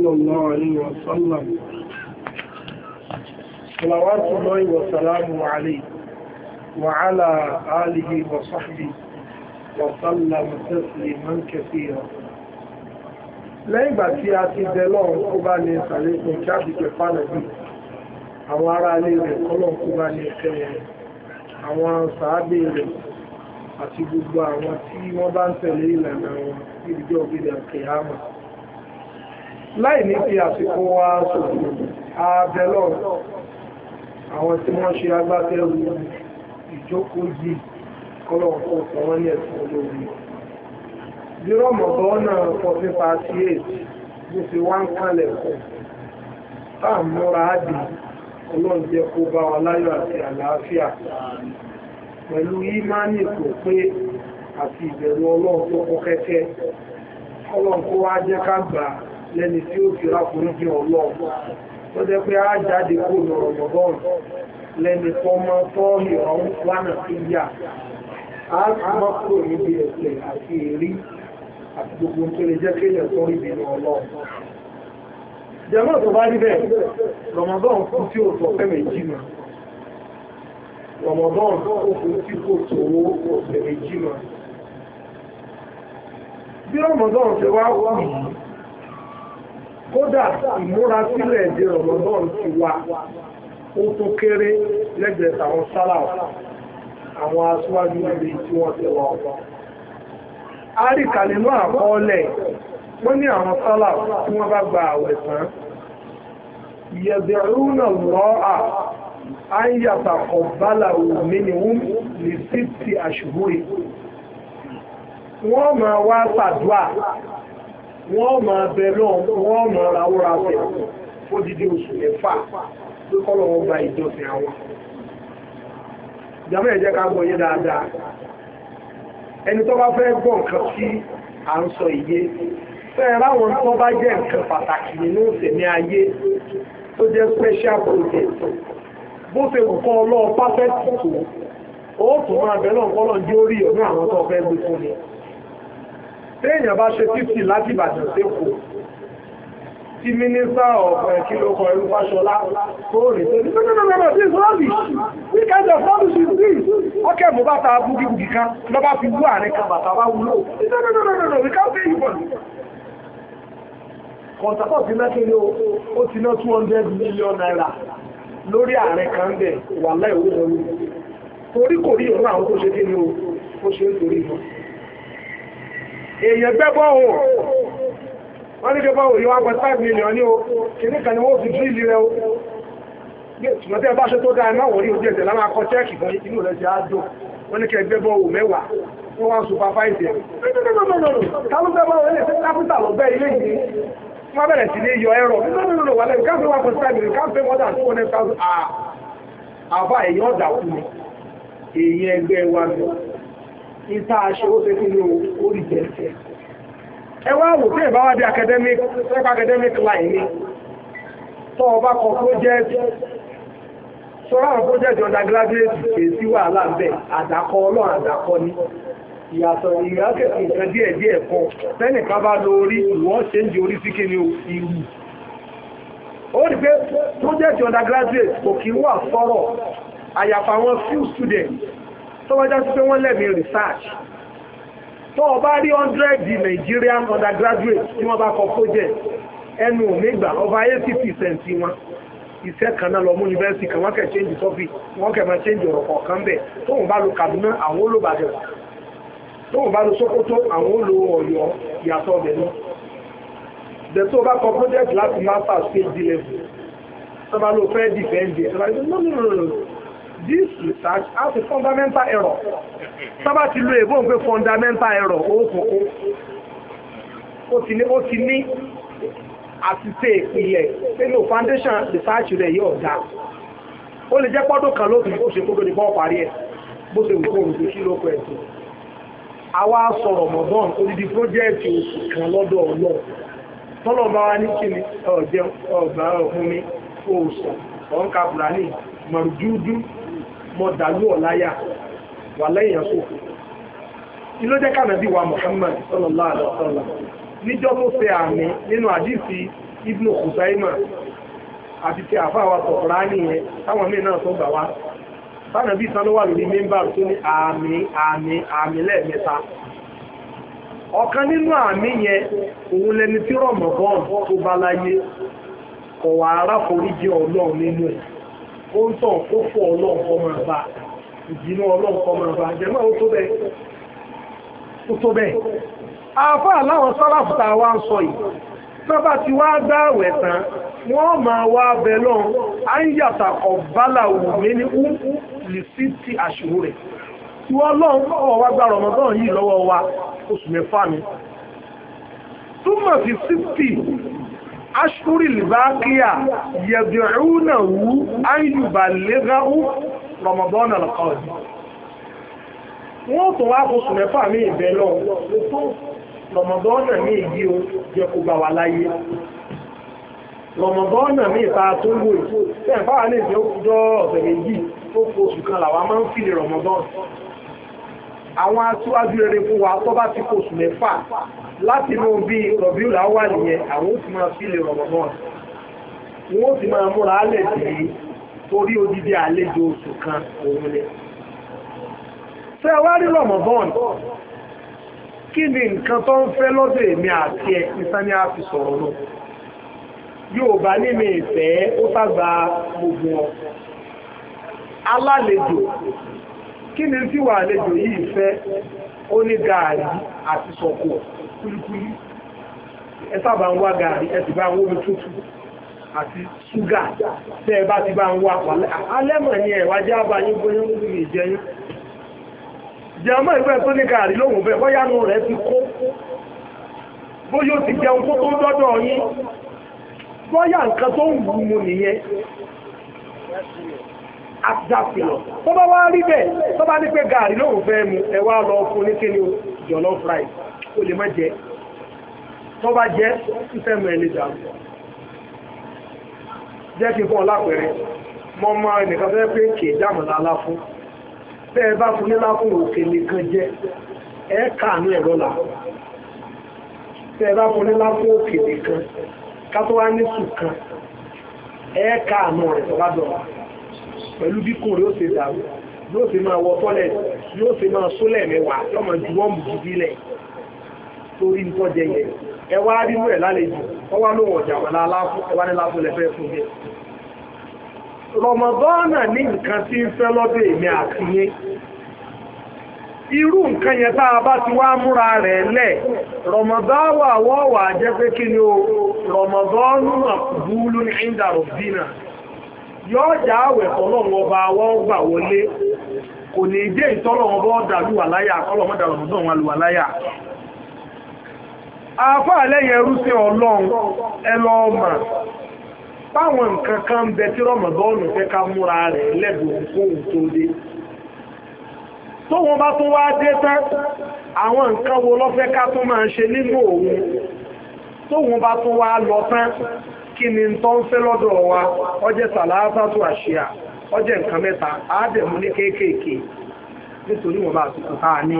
صلى الله عليه وسلم صلوات الله وسلامه عليه وعلى آله وصحبه وسلم تسليما كثيرا lẹ́yìn ìgbà tí a ti bẹ lọ́run kó bá ní ìsàlẹ̀kùn kí á fi jẹ fánàbí àwọn ará ilé rẹ̀ kọ́lọ̀ kó bá ní ẹ̀kẹ́ rẹ̀ àwọn sàábé rẹ̀ àti gbogbo àwọn tí wọ́n bá ń tẹ̀lé ìlànà wọn níbi jọ́ òbí rẹ̀ láì ní fi àsìkò wa sòkò àbẹ̀lọ́ àwọn tí wọ́n ṣe agbátẹrù ìjókòó yìí kọ́lọ̀wọ̀n fún ọ̀pọ̀ wọn ní ẹ̀sùn olóògbé bí rọ́mọ̀bọ́ náà fourteen forty eight ló fi wá ń kalẹ̀ kọ́ tá à ń múra á di ọlọ́run jẹ́ kó bá wa láyọ̀ àti àlàáfíà pẹ̀lú ímánì tó pé àti ìbẹ̀rù ọlọ́run tó kọ́kẹ́kẹ́ ọlọ́run kó wá jẹ́ ká gbà lẹ́ni tí ó fi rákùnrin ọlọ́run tó jẹ́ pé á jáde kó lọ rọ̀mọ̀bọ́n lẹ́ni tó mọ́ tọ́ọ̀lì ọ̀hún wánà sí yà á mọ́ kúrò níbi ẹ̀sẹ̀ àti èrí àti gbogbo tó lè jẹ́ kéèyàn tó rí bẹ̀rẹ̀ ọlọ́run jẹ́mọ́ tó bá níbẹ̀ rọ̀mọ̀bọ́n kú tí ó sọ fẹ́ méjì mọ́ rọ̀mọ̀bọ́n ó kú tí kò tòwó ọ̀sẹ̀ méjì mọ́ bí rọ̀mọ̀bọ́n ṣe wá wà mọ́ kódà ìmúrasílẹ̀ èdè rọ̀mọ́dọ́n ti wà ó tó kéré lẹ́gbẹ̀ẹ́ tàwọn sálà àwọn aṣáájú ibi tí wọ́n ti wà ọ̀pọ̀. a rí kàlínú àkọọ́lẹ̀ wọ́n ní àwọn sálà tí wọ́n bá gba àwẹ̀ tán yẹ̀dẹ̀rúnà lọ́à á ń yàtà ọ̀bálà òmìnirún lè sí ti àṣùgbó yìí wọ́n máa wá ṣàdúà wọ́n m'a bẹ lọ́n wọ́n máa rawọ́ra bẹ̀ fódìdí oṣù mẹ́fà pé kọ́lọ̀ wọn gba ìjọsìn àwọn. ìjàmbá ẹ̀jẹ̀ ká gbọ́ yé dáadáa ẹni tó bá fẹ́ gbọ́ nǹkan tí à ń sọ ìyé fẹ́ẹ̀ ráwọn tó bá jẹ́ nǹkan pàtàkì nínú ìsẹ̀mí ayé tó jẹ́ special project bó ṣe wù kọ́ ọlọ́ọ̀ perfect tó ó tún máa bẹ lọ́n kọ́lọ̀ ń ọ̀nà àwọn tó fẹ́ gbé fún mi téèyàn bá ṣe fífì láti ìbàdàn sékòó tí mínísà ọ̀pọ̀ eh, kí ló kọ irú fáṣọlá tó rìn tó ní pẹ́lẹ́lẹ́lẹ́ sí ìsọ́ọ̀lì ní kẹjọ fọ́ọ̀lù sí ìlú ọkẹ́ mú bàtà búgibùgì kan lọ́bá No, no, no, no, no, bá wúlò kọ̀ǹtàkọ̀ sí mẹ́kẹ́lẹ́ ó ti ná 200 million naira lórí ààrẹ kan bẹ̀ wà láìwé lórí torí kò rí òun àwọn tó ṣe kí ni ó ṣe ń torí náà èèyàn gbẹ́ bọ́ọ̀hù wọ́n ní gbẹ́bọ́ọ̀hù yóò gbẹ́ five million ní o kan ni wọ́n o ṣùgbọ́n tí ẹ bá ṣe tó dáa náà wọ́n rí ojú ẹ̀sẹ̀ láwọn akọ chẹ́ẹ̀kì fún inú rẹ̀ ti á dùn wọ́n ní kẹ́ gbẹ́bọ́ọ̀hù mẹ́wàá wọ́n wá ń supervise ẹ̀ wọ́n bẹ̀rẹ̀ sí ní yọ fún ah! dà àbá ìta àṣẹ ó fẹ́ nínú orí jẹ́ẹ̀tẹ̀ ẹ wá wò tí ìbáwá di academic sẹ́pà academic line ni tó o bá kọ project sọ́rọ́ àwọn project undergraduate èsì wàhálà ń bẹ̀ àdàkọ ọlọ́run àdàkọ ni ìyàtọ̀ ìrìnàkẹ́kọ̀ọ́ àyàfà àwọn few students tó wájá sí pé wọ́n lẹ́mí research tó o bá rí hundred Nigerian undergraduate tí wọ́n bá kọ project ẹnu òmígbà over 80 percent wọn iṣẹ́ kan náà lọ mú yunifásitì kan wọ́n kẹ́ change topic wọ́n kẹ́ máa change ọ̀rọ̀ kọ̀ọ̀kan bẹ̀ tóun bá lo Kaduna àwọn olóbàdàn tóun bá lo Sokoto àwọn olo Ọ̀yọ́ ìyàtọ̀ ọ̀bẹ̀ náà the tó bá kọ project láti master stage level tó bá lo fẹ́ defend ẹ̀ tó bá lo no no no no this research has a fundamental error sábà ti lo èbó pé fundamental error ó kò ó ó ti ní ó ti ní àtìsẹ́ ìpìlẹ̀ nínú foundation research rẹ̀ yóò dá ó lè jẹ́ pọ́dún kan lóbi ó ṣe kókó ní bọ́ parí ẹ̀ bó ṣe wù kó olùgbé sí lóko ẹ̀sìn àwa sọ̀rọ̀ mọ̀dán odidi project oṣù kan lọ́dọ̀ ọlọ́ọ̀ tọ́lọ̀ bá wá ní kíni ọ̀jẹ̀ ọ̀gbà ọ̀fun mi oṣù ọ̀nkà bùrání mọ̀rùjúdú mọ dàlú ọ̀láyà wà lẹ́yìn sófò ilé jẹ́ kànábì wa Muhammad sallallahu alaihi níjọ́ tó àmì nínú àdìsí Ibn Khuzaimah àti ti àfa wa sọ̀rọ̀ á nìyẹn táwọn míì náà tó gbà wá sanu wà lórí tó ní àmì àmì àmì ọ̀kan nínú àmì yẹn òun lẹni tí tó ó ń tàn ó fọ ọlọ́run kọ́ máa bá ìdínú ọlọ́run kọ́ máa bá jẹ́mọ́ ó tó bẹ́ẹ̀ ó tó bẹ́ẹ̀. àáfà láwọn sálàfù tá a wá ń sọ yìí tó bá ti wá gbá àwẹ̀ tán wọ́n máa wá bẹ lọ́n á ń yàtà ọ̀bálà òmìnir ní ú lè sí ti àṣìwò rẹ̀ tí wọ́n lọ́n kọ́ wá gbá rọmọdán yìí lọ́wọ́ wa oṣù mẹ́fà ni túmọ̀ sí ashuri libakiya yẹ̀dùrúnàwú ayùbà lẹ́gáwú rọmọbọ́nà lọ́kọ́ọ̀dì wọ́n tó wá oṣù mẹ́fà ní ìbẹ̀ lọ rọmọbọ́nà ní ìdí o jẹ́ kó bá wa láyé rọmọbọ́nà ní ìta tó wò yìí àwọn aṣáájú rere fún wa tó bá ti kóṣù mẹ́fà láti inú bí rọ̀bíù làwà nìyẹn àwọn ó sì máa fi lè rọ̀bọ̀ náà wọn ó sì máa múra alẹ́ sí i torí odidi àlejò oṣù kan òun ni ṣé wá rí rọ̀mọ̀bọ́n kí ni nǹkan tó ń fẹ́ lọ́dọ̀ èmi àti ẹ̀ ìsáni á fi sọ̀rọ̀ lọ yóò bá ní mi ìfẹ́ ó sàgbà gbogbo ọ alálejò kí ni tí wà àlejò yìí fẹ́ ó ní gààrí àti sọ̀kọ̀ kúlíkúlí ẹ sábà ń wá gààrí ẹ sì bá ń wómi tútù àti ṣúgà tẹ́ ẹ bá ti bá ń wá pàlẹ́ alẹ́mọ̀ ni ẹ̀wà jẹ́ abayín bóyá ó lè jẹyún jẹ́mọ́ ìfẹ́ tó ní gààrí lóhùn bẹ́ẹ̀ bóyá nù rẹ̀ ti kó bóyá ó ti jẹun kó tó dọ́dọ̀ yín bóyá nǹkan tó ń wù mú nìyẹn àtàfin lọ tó bá wá rí bẹ́ẹ̀ tó bá ní pé gààrí lóhùn fẹ́ mu ẹ wá lọ fún ní kíni jọ̀lọ́ fry ó lè má jẹ tó bá jẹ ìfẹ́ mu ẹ lè dà jẹ́ kí n fún ọ lápẹ̀rẹ̀ mọ́ mọ́ ẹnìkan fẹ́ pé kì í dààmú lálá fún bẹ́ẹ̀ bá fún nílá fún òkè nìkan jẹ́ ẹ kàánú ẹ̀rọ là bẹ́ẹ̀ bá fún nílá fún òkè nìkan ká tó wá ní sùn kan ẹ kàánú rẹ̀ bá dọ̀la pẹ̀lú bí kò rí ó ṣe dàrú yóò ṣe máa wọ tọ́lẹ̀ yóò ṣe máa sólẹ̀ mẹ́wàá lọ́mọ ju wọ́ọ̀mù jíjí lẹ̀ torí nítọ́jẹ yẹn ẹ wá rínú ẹ̀ lálejò ọwá ló wọ̀jà wọn ẹwà ní láfún lẹ́fẹ́ fún yẹn rọmọdọ́nà ní nǹkan tí ń fẹ́ lọ́dọ̀ èmi àti yẹn irú nǹkan yẹn tá a bá ti wá múra rẹ̀ lẹ̀ rọmọdọ́wà wọ́wà jẹ́ pé kí ni o rọmọdọ́nù àkùbúlù ní yóò já àwẹ̀ tọ́lọ́run ọba wọ́n gbà wọlé kò ní dé ìtọ́lọ́run ọba ọ̀dà lùwà láyà kọ́lọ́run ọ̀dà lọ́dún wọn lùwà láyà afá àlẹ́yẹ rúṣẹ́ ọlọ́run ẹlọ́ọ̀mà báwọn nǹkan kan bẹ tí rọmọdọ́ọ̀nù fẹ́ ká múra rẹ̀ lẹ́gbẹ̀ẹ́ tó dé tó wọn bá tó wá ká tó máa tó wọn bá tó wá lọ tán kí ni tó ń fẹ́ lọ́dọ̀ wa ọjẹ́ sàlàáfà tó àṣìyà ọjẹ́ nǹkan mẹ́ta àádẹ́mú ní kéékèèké nítorí wọn bá àsìkò tá ní.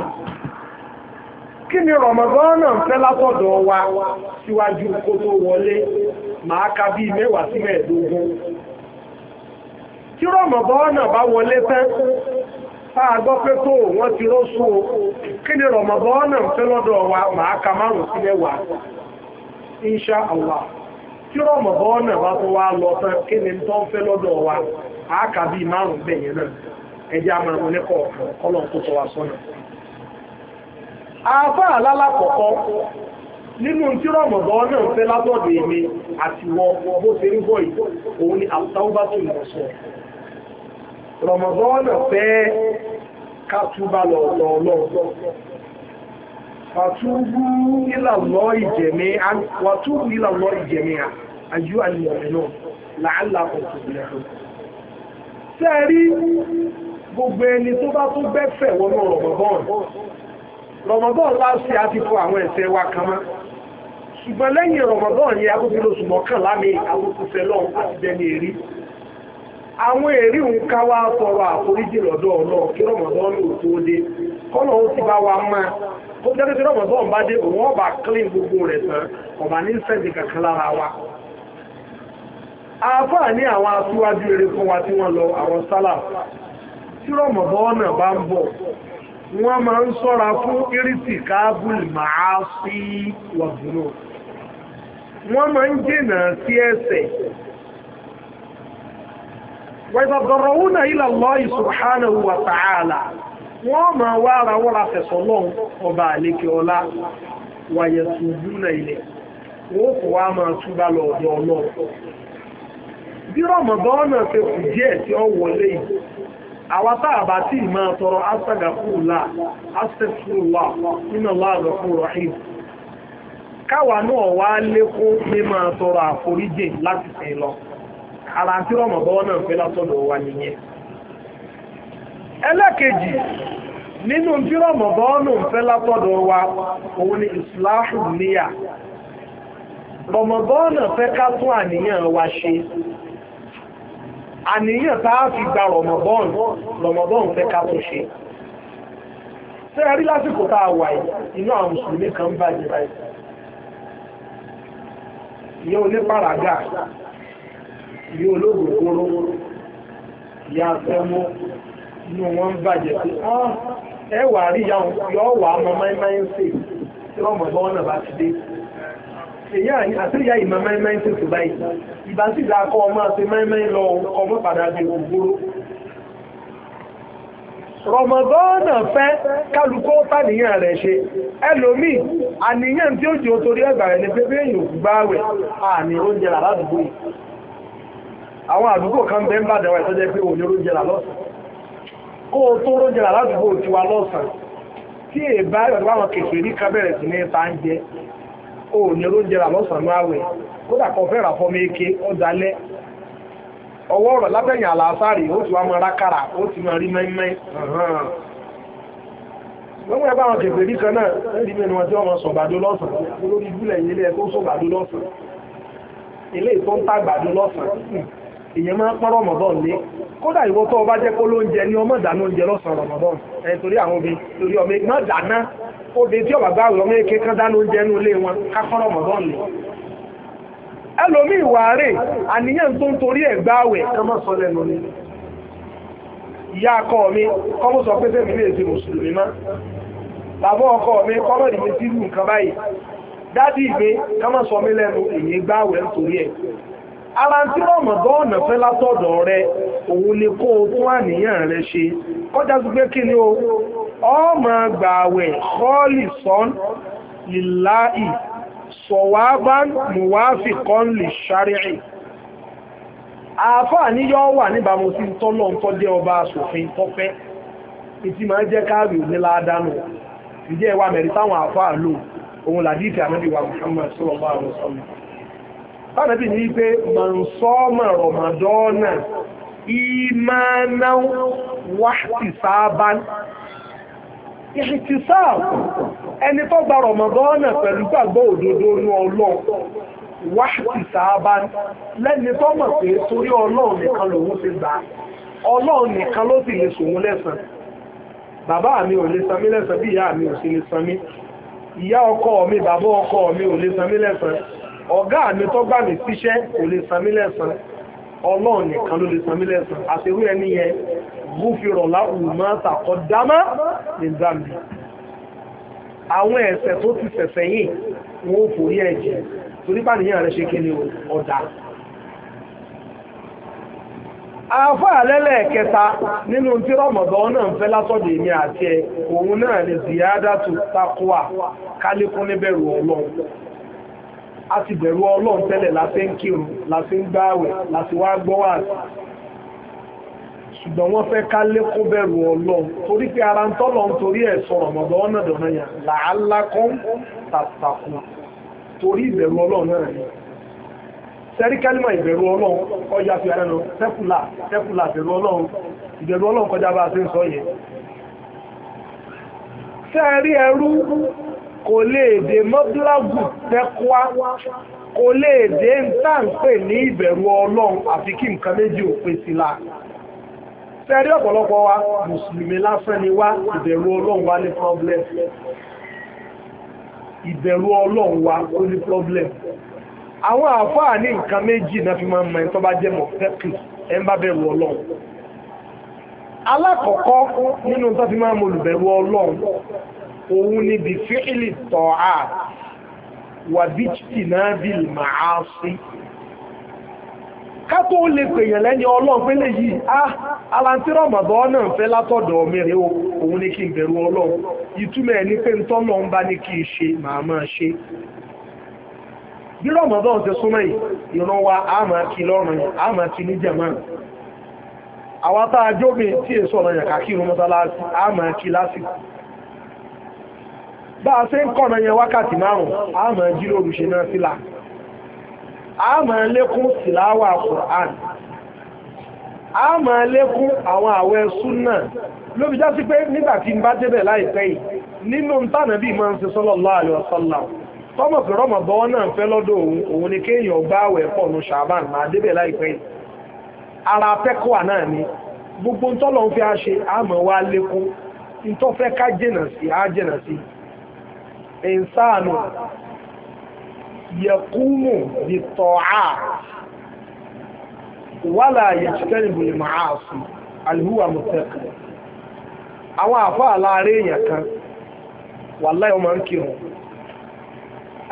kí ni rọmọgọ́nà ń fẹ́ látọ̀dọ̀ wa síwájú kó tó wọlé màá ka bíi mẹ́wàá sí mẹ́ẹ̀ẹ́dógún. tí rọmọgọ́nà bá wọlé tán tá a gbọ́ pé tó wọ́n ti rọ́ṣù o kí ni rọmọgọ́nà ń fẹ́ lọ́dọ̀ ka márùn-ún sí mẹ́wàá. tí rọmọbọ́n náà wá tó wá lọ tán kí ni tó ń fẹ́ lọ́dọ̀ wa àákà bíi márùn-ún náà ẹjẹ́ àmọ́ oníkọ̀ ọlọ́run tó sọ wa sọ́nà. afá alálàkọ̀kọ́ nínú tí náà fẹ́ látọ̀dọ̀ ni lọ sọ. náà fẹ́ wàtúbú ìlàlọ́ ìjẹ̀mí wàtúbú ìlàlọ́ ìjẹ̀mí àyú àlùmọ̀mìnà làálàá ọ̀tùnbìnrin. sẹ́ẹ̀rí gbogbo ẹni tó bá tó gbẹ́fẹ̀ wọnú rọ̀mọ̀bọ́ọ̀n Rọ̀mọ̀bọ̀n bá àti fọ àwọn ẹ̀ṣẹ̀ wa kan ṣùgbọ́n lẹ́yìn àwọn èrí nǹkan wá sọ̀rọ̀ àforíjì lọ́dọ̀ ọlọ́ọ̀ kí rọ̀mọ̀dọ́nù ò tó dé kọ́nà ó ti bá wa máa tó jẹ́ pé rọ̀mọ̀dọ́nù bá dé òun ọba clean gbogbo rẹ̀ tán ọba ní sẹ́ẹ̀dì kankan lára wa. àáfàá ní àwọn aṣíwájú eré fún wa tí wọ́n lọ àwọn sálà tí rọ̀mọ̀dọ́nù bá ń bọ̀ wọ́n máa ń sọ́ra fún irisi káàbùl màá sí wàdúrò wọ́n máa ń jìnnà sí ẹ̀ṣẹ̀ wẹ̀sàdọ̀rọ̀wúnà ilà Allah subhanahu wa ta'ala wọ́n máa wá ara wọ́n ra fẹ̀sọ̀ lọ́n ọba àlékè ọlá wàyẹ̀ tùbúnà ilẹ̀ wọ́n kò wá máa túbà lọ ọ̀dọ̀ ọlọ́ọ̀ bí rọ̀mọ̀dọ́nà ṣe tí ó a ara tí wọ́n mọ̀ bọ́wọ́ náà fẹ́ látọ̀dọ̀ wa nìyẹn ẹlẹ́kejì nínú tí wọ́n mọ̀ bọ́wọ́ náà fẹ́ látọ̀dọ̀ wa òun ni ìsìláhù níyà rọmọbọ́ọ̀nà fẹ́ ká tún àníyàn wa ṣe àníyàn tá a fi gba rọmọbọ́ọ̀nù rọmọbọ́ọ̀nù fẹ́ ká tún ṣe ṣé ẹ rí lásìkò tá a wà yìí inú àwọn mùsùlùmí kan ń bàjẹ́ báyìí ìyẹn onípàràgà ìlú olóògùn kóró ìyá afẹ́mú inú wọn bàjẹ́ sí ẹ wà rí ìyá yọ wà ọmọ máìmáì ń sè tí wọ́n mọ̀ bọ́ ọ̀nà bá ti dé èyí àti ìyá ìmọ̀ máìmáì ń sè tó báyìí ìbá sì dáa kọ́ ọmọ àti máìmáì lọ ọmọ padà di ògbóró rọmọdọ́nà fẹ́ kálukó tàníyàn rẹ̀ ṣe ẹlòmíì àníyàn tí ó jẹ́ torí ẹgbà rẹ̀ ní pé bí èèyàn gbáwẹ̀ àní oúnjẹ àládùúgbò àwọn àdúgbò kan bẹ́ ń bà dẹ̀wà ìtọ́jẹ́ pé òní orójẹ́là lọ́sàn kó o tó orójẹ́là ládùúgbò tiwa lọ́sàn tí èbá ìwọ̀n àwọn kèfè ní kábẹ̀rẹ̀ sí ní ta ń jẹ òní orójẹ́là lọ́sàn máa wẹ̀ kódà kan fẹ́ rà fọmọ eke ọ̀dálẹ́ ọwọ́ ọ̀rọ̀ lábẹ́yìn àlàáfáàrí ó ti wá mọ rákàrà ó ti mọ rí mẹ́mẹ́ wọ́n ẹgbẹ́ àwọn kèfè rí kan náà rí mẹ́nu wọn tí wọ́n mọ sọ̀gbàdó lọ́sàn olórí ibúlẹ̀ ilé ẹ̀kọ́ sọ̀gbàdó lọ́sàn ilé ìtọ́ ń tàgbàdó lọ́sàn èèyàn máa ń pọ́n lé kódà ìwọ tó o bá jẹ́ kó lóúnjẹ ní ọmọ ìdáná oúnjẹ lọ́sàn torí àwọn obi torí ọmọ ìgbà dáná obìnrin tí ọba gbà wọ ọmọ dáná oúnjẹ ilé wọn kápọ́n lé àníyàn tó ń torí ẹ̀ ká má sọ ìyá akọ mi sọ pé sẹ́mi lè bàbá ọkọ mi ìdí ara tí rọmọgọ́ọ̀nà fẹ́ látọ̀dọ̀ rẹ òun ni kó o tún àníyàn rẹ ṣe kọjá sí pé kí ni o ọmọ gbààwẹ̀ kọ́ọ̀lì sọ́n lìláì sọ̀wábán mùwáfìkan lè ṣàríì àáfàá ni yóò wà níbàámu sí tọ́lọ̀ ń tọ́jẹ́ ọba aṣòfin tọ́fẹ́ ìtì máa jẹ́ káàrí òní ládánù ìjẹ́ ìwà mẹ̀rí táwọn àáfàá lò òun làdí ìfẹ́ àmọ́bíwá Muhammad sọ́lọ́bà àwọn sọ́lọ́ Bánàbí ní pé mọ̀nsọ́mọ̀ Rọ̀mọ̀dọ́nà ìmánáwó wáhìtìsáàbán. Ìhìtìsáàbù ẹni tó gba Rọ̀mọ̀dọ́nà pẹ̀lú gbàgbọ́ òdodo ní ọlọ́run wáhìtìsáàbán lẹ́ni tó mọ̀ pé torí ọlọ́run nìkan lòun ti gbà ọlọ́run nìkan ló sì lè sòun lẹ́sàn. Bàbá mi ò lè sanmí lẹ́sàn bí ìyá mi ò sì lè sanmí. Ìyá ọkọ mi bàbá ọkọ mi ò lè sanmí lẹ́sàn ọ̀gá mi tó gbà mí síṣẹ́ kò lè san mí lẹ́san ọlọ́run nìkan ló lè san mí àtẹ̀wé ẹni yẹn gúfìrọ̀ láwùmọ́ tàkọ́dámá ní zambi àwọn ẹ̀ṣẹ̀ tó ti ṣẹ̀ṣẹ̀ yìí wọ́n forí ẹ̀jẹ̀ torí bá nìyàn rẹ̀ ṣe kéde ọ̀dà àáfàá lẹ́lẹ́ẹ̀kẹta nínú tí rọ̀mọ̀dọ́ náà ń fẹ́ látọ̀dọ̀ èmi àti ẹ̀ òun náà lè ziyádà tó takuwa kálékún níbẹ̀rù ọlọ́run a ti bẹ̀rù ọlọ́run tẹ́lẹ̀ láti ń kírun láti ń gbáwẹ̀ láti wá gbọ́ wà sí ṣùgbọ́n wọ́n fẹ́ ká lékún bẹ̀rù ọlọ́run torí pé ara ń tọ́lọ̀ ń torí ẹ̀ sọ̀rọ̀ mọ̀gbọ́ ọ̀nà dọ̀nà yẹn làálá kan tàtàkùn torí ìbẹ̀rù ọlọ́run náà ni sẹ́rí kálímà ìbẹ̀rù ọlọ́run ọjà fi ara lọ tẹ́kùlà tẹ́kùlà ìbẹ̀rù ọlọ́run ìbẹ̀rù ọlọ́run kọjá bá a ti ń sọ yẹn sẹ́rí ẹrú kò lè dé mọ́bílágù tẹ́kọ́á kò lè dé ńta ń pè ní ìbẹ̀rù ọlọ́run àfi kí nǹkan méjì ò pé sí la sẹ́rí ọ̀pọ̀lọpọ̀ wa mùsùlùmí lásán ni wá ìbẹ̀rù ọlọ́run wa ní problem ìbẹ̀rù ọlọ́run wa ó ní problem àwọn àfáà ní nǹkan méjì náà fi máa ń mọ ẹni tó bá jẹ́ mọ̀ pẹ́kì ẹ̀ ń bá bẹ̀rù ọlọ́run alákọ̀ọ́kọ́ nínú tó fi máa ń mọ olùbẹ̀rù ọlọ́run òun ni bí fíìlì a wà bí tìǹbì màá sí ká lè pèèyàn lẹ́ni ọlọ́run pé yi á aláǹtí rọ̀mọ̀dọ́ náà fẹ́ látọ̀dọ̀ mẹ́rin o òun ni kí n bẹ̀rù ọlọ́run ìtumọ̀ ẹni pé ń tọ́nà ń bá ní kí n ṣe màá máa ṣe. bí ti súnmọ́ yìí ìran wa á máa kí lọ́rùn yẹn á máa kí ní jàmá. àwa tá a jómi tí èso ọ̀nà yàn á máa bá a ṣe ń kọ̀nà yẹn wákàtí márùn a máa jíròrò ṣe náà a Qur'an a máa lékún àwọn àwẹ̀ súnà lóbi sí pé nígbà bá débẹ̀ láìpẹ́ yìí nínú ntànà bíi máa ń ṣe náà fẹ́ lọ́dọ̀ òun ni kéèyàn gbá àwẹ̀ pọ̀ máa débẹ̀ láìpẹ́ ara náà ni gbogbo ń fi ìsánù yẹkúmù bí tọ́á wàlà yẹtùkẹ́nìbù lè máa sí alìhúwà mọ̀tẹ́kù àwọn àfọ́ àláàrẹ èèyàn kan wà láì ọmọ ń kírun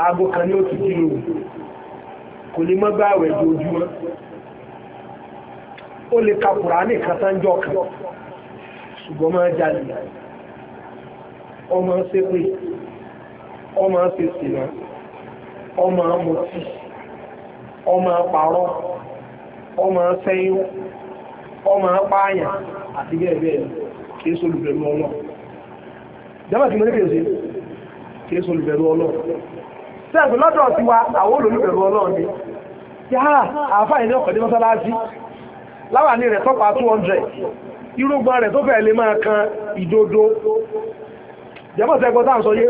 aago kan ní ó ti dí lóru kò lè mọ́ gbáwẹ̀ ojoojúmọ́ ka ọmọ ṣe sìnà ọmọ mutí ọmọ parọ́ ọmọ sẹ́yìn ọmọ pààyàn àti bẹ́ẹ̀ bẹ́ẹ̀ kìí solùbẹ̀rù ọlọ́ jẹ́mà tí mo ní kèsì kìí solùbẹ̀rù ọlọ́ sẹ́ẹ̀sì lọ́dọ̀ ti wa àwọn olùbẹ̀rù ọlọ́ ni yára àáfàá ilé ọkọ̀ dé mọ́sálásí láwà ní rẹ̀ tọ́pa 200 irúgbọ́n rẹ̀ tó fẹ́ lè máa kan ìdodo jẹ́mà sẹ́gbọ́n sáà sọ yé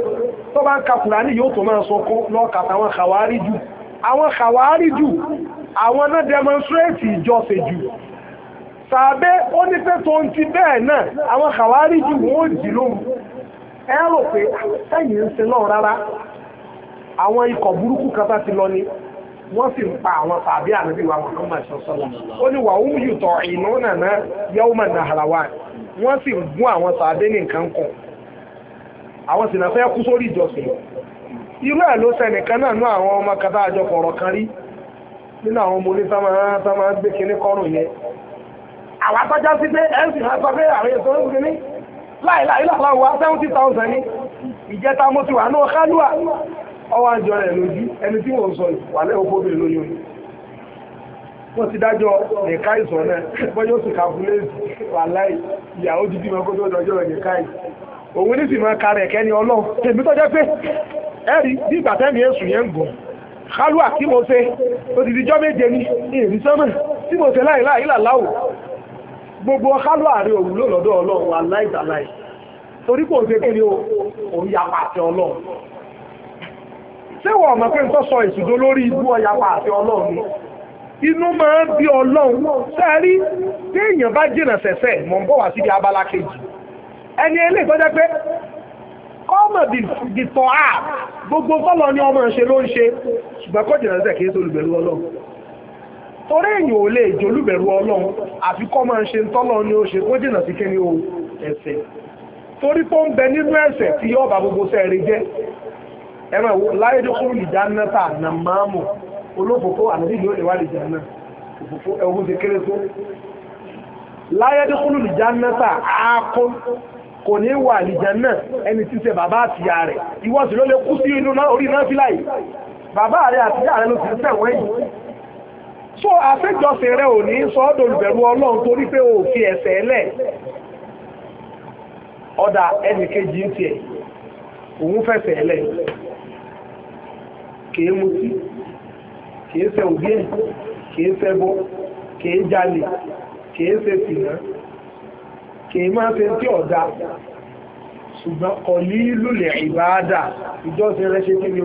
tó bá ń ka kùránì yóò tó máa sọkún lọ́ọ̀kà táwọn kàwárí jù àwọn kàwárí jù àwọn náà demonstrate ìjọsẹ̀ jù sàbẹ́ ó ní pé tó ń ti bẹ́ẹ̀ náà àwọn kàwárí jù wọ́n jì lóhun ẹ rò pé ah, sẹ́yìn ń ṣe náà rárá àwọn ikọ̀ burúkú kan bá ti lọ ni wọ́n sì ń pa àwọn tàbí ànábì wa wọn lọ́mọ ìṣọ́sọ́lá ó ní wà ó yùtọ̀ ìnáwó nàná yẹ́wọ́mọ̀ nàhàràwà wọ́n sì ń gún àwọn tàbí ní nǹkan kan àwọn sì náà fẹ́ kú sórí ìjọsìn irú ẹ̀ ló sẹ́nìkan náà nú àwọn ọmọ kata àjọ fọ̀rọ̀ kan rí nínú àwọn ọmọ oníta máa ń gbé kinní kọ́rùn yẹn àwọn atọ́já sí pé ẹ̀sìn máa sọ pé àwọn èso ń gbin ní láìláì láwọn wa seventy thousand ní ìjẹta mo ti wà ní ọ̀kálùwà ọwọ́ àjọ rẹ̀ lójú ẹni tí wọ́n sọ wà lẹ́wọ́ bóbi lóyún wọ́n ti dájọ́ nìka ìsọ̀ náà bọ́jọ́ sì wà láì ìyàwó òun ní sì máa ka rẹ̀ kẹ́ni ọlọ́run tèmi tó jẹ́ pé ẹ̀rí bí ìgbà tẹ́mi èṣù yẹn ń gùn kálúà tí mo ṣe odidi jọ́ méje ni èrí sánmà tí mo ṣe láì láì làláwò gbogbo kálúà rẹ̀ òwúlò lọ́dọ̀ ọlọ́run aláìsàláì torí kò ṣe kí ni òun yapa àti ọlọ́run ṣé wọ́n mọ̀ pé nǹkan sọ ìṣùdó lórí ibú ọyapa àti ọlọ́run ni inú máa ń bí ọlọ́run sẹ́ẹ̀rí tí èèyàn bá jìnà sẹ̀sẹ̀ mọ̀ ń bọ̀ wá síbi abala kejì ẹni eléyìí tó pé kọ́mọ̀ gbogbo fọ́lọ ní ọmọ ma ló ń ṣe ṣùgbọ́n kó jìnà sẹ́kì é tolùbẹ̀rù ọlọ́run torí èyàn ò lè jolúbẹ̀rù ọlọ́run àfi kọ́mọ̀ ṣe tọ́lọ ní ó ṣe kó o ẹ̀ṣẹ̀ torí tó ń bẹ nínú ẹ̀ṣẹ̀ tí yóò bá gbogbo sẹ́ẹ̀rẹ̀ jẹ́ ẹ̀rọ láyédókòrò ìdánátà nà máàmù olófòfó ànábì yóò jẹ kò ní wà àlìjẹ náà ẹni tí ń ṣe bàbá àtìyá rẹ̀ ìwọ sì ló lè kú sí inú orí náà fílà yìí bàbá rẹ̀ àtìyá rẹ̀ ló ti ń tẹ̀wọ́ yìí so àfẹ́jọsìn rẹ̀ ò ní sọ ọ́ dolùbẹ̀rù ọlọ́run torí pé o fi ẹ̀ṣẹ̀ lẹ̀ ọ̀dà ẹnì kejì ń tiẹ̀ òun fẹ̀ṣẹ̀ lẹ̀ kìí mutí kìí ṣe ògé kìí ṣe bọ́ kìí jalè kìí ṣe tìǹà kìí máa ṣe tí ọ̀dá ṣùgbọ́n ọ̀lí lulẹ̀ ìbáadà ìjọsìn rẹ̀ ṣe kí ni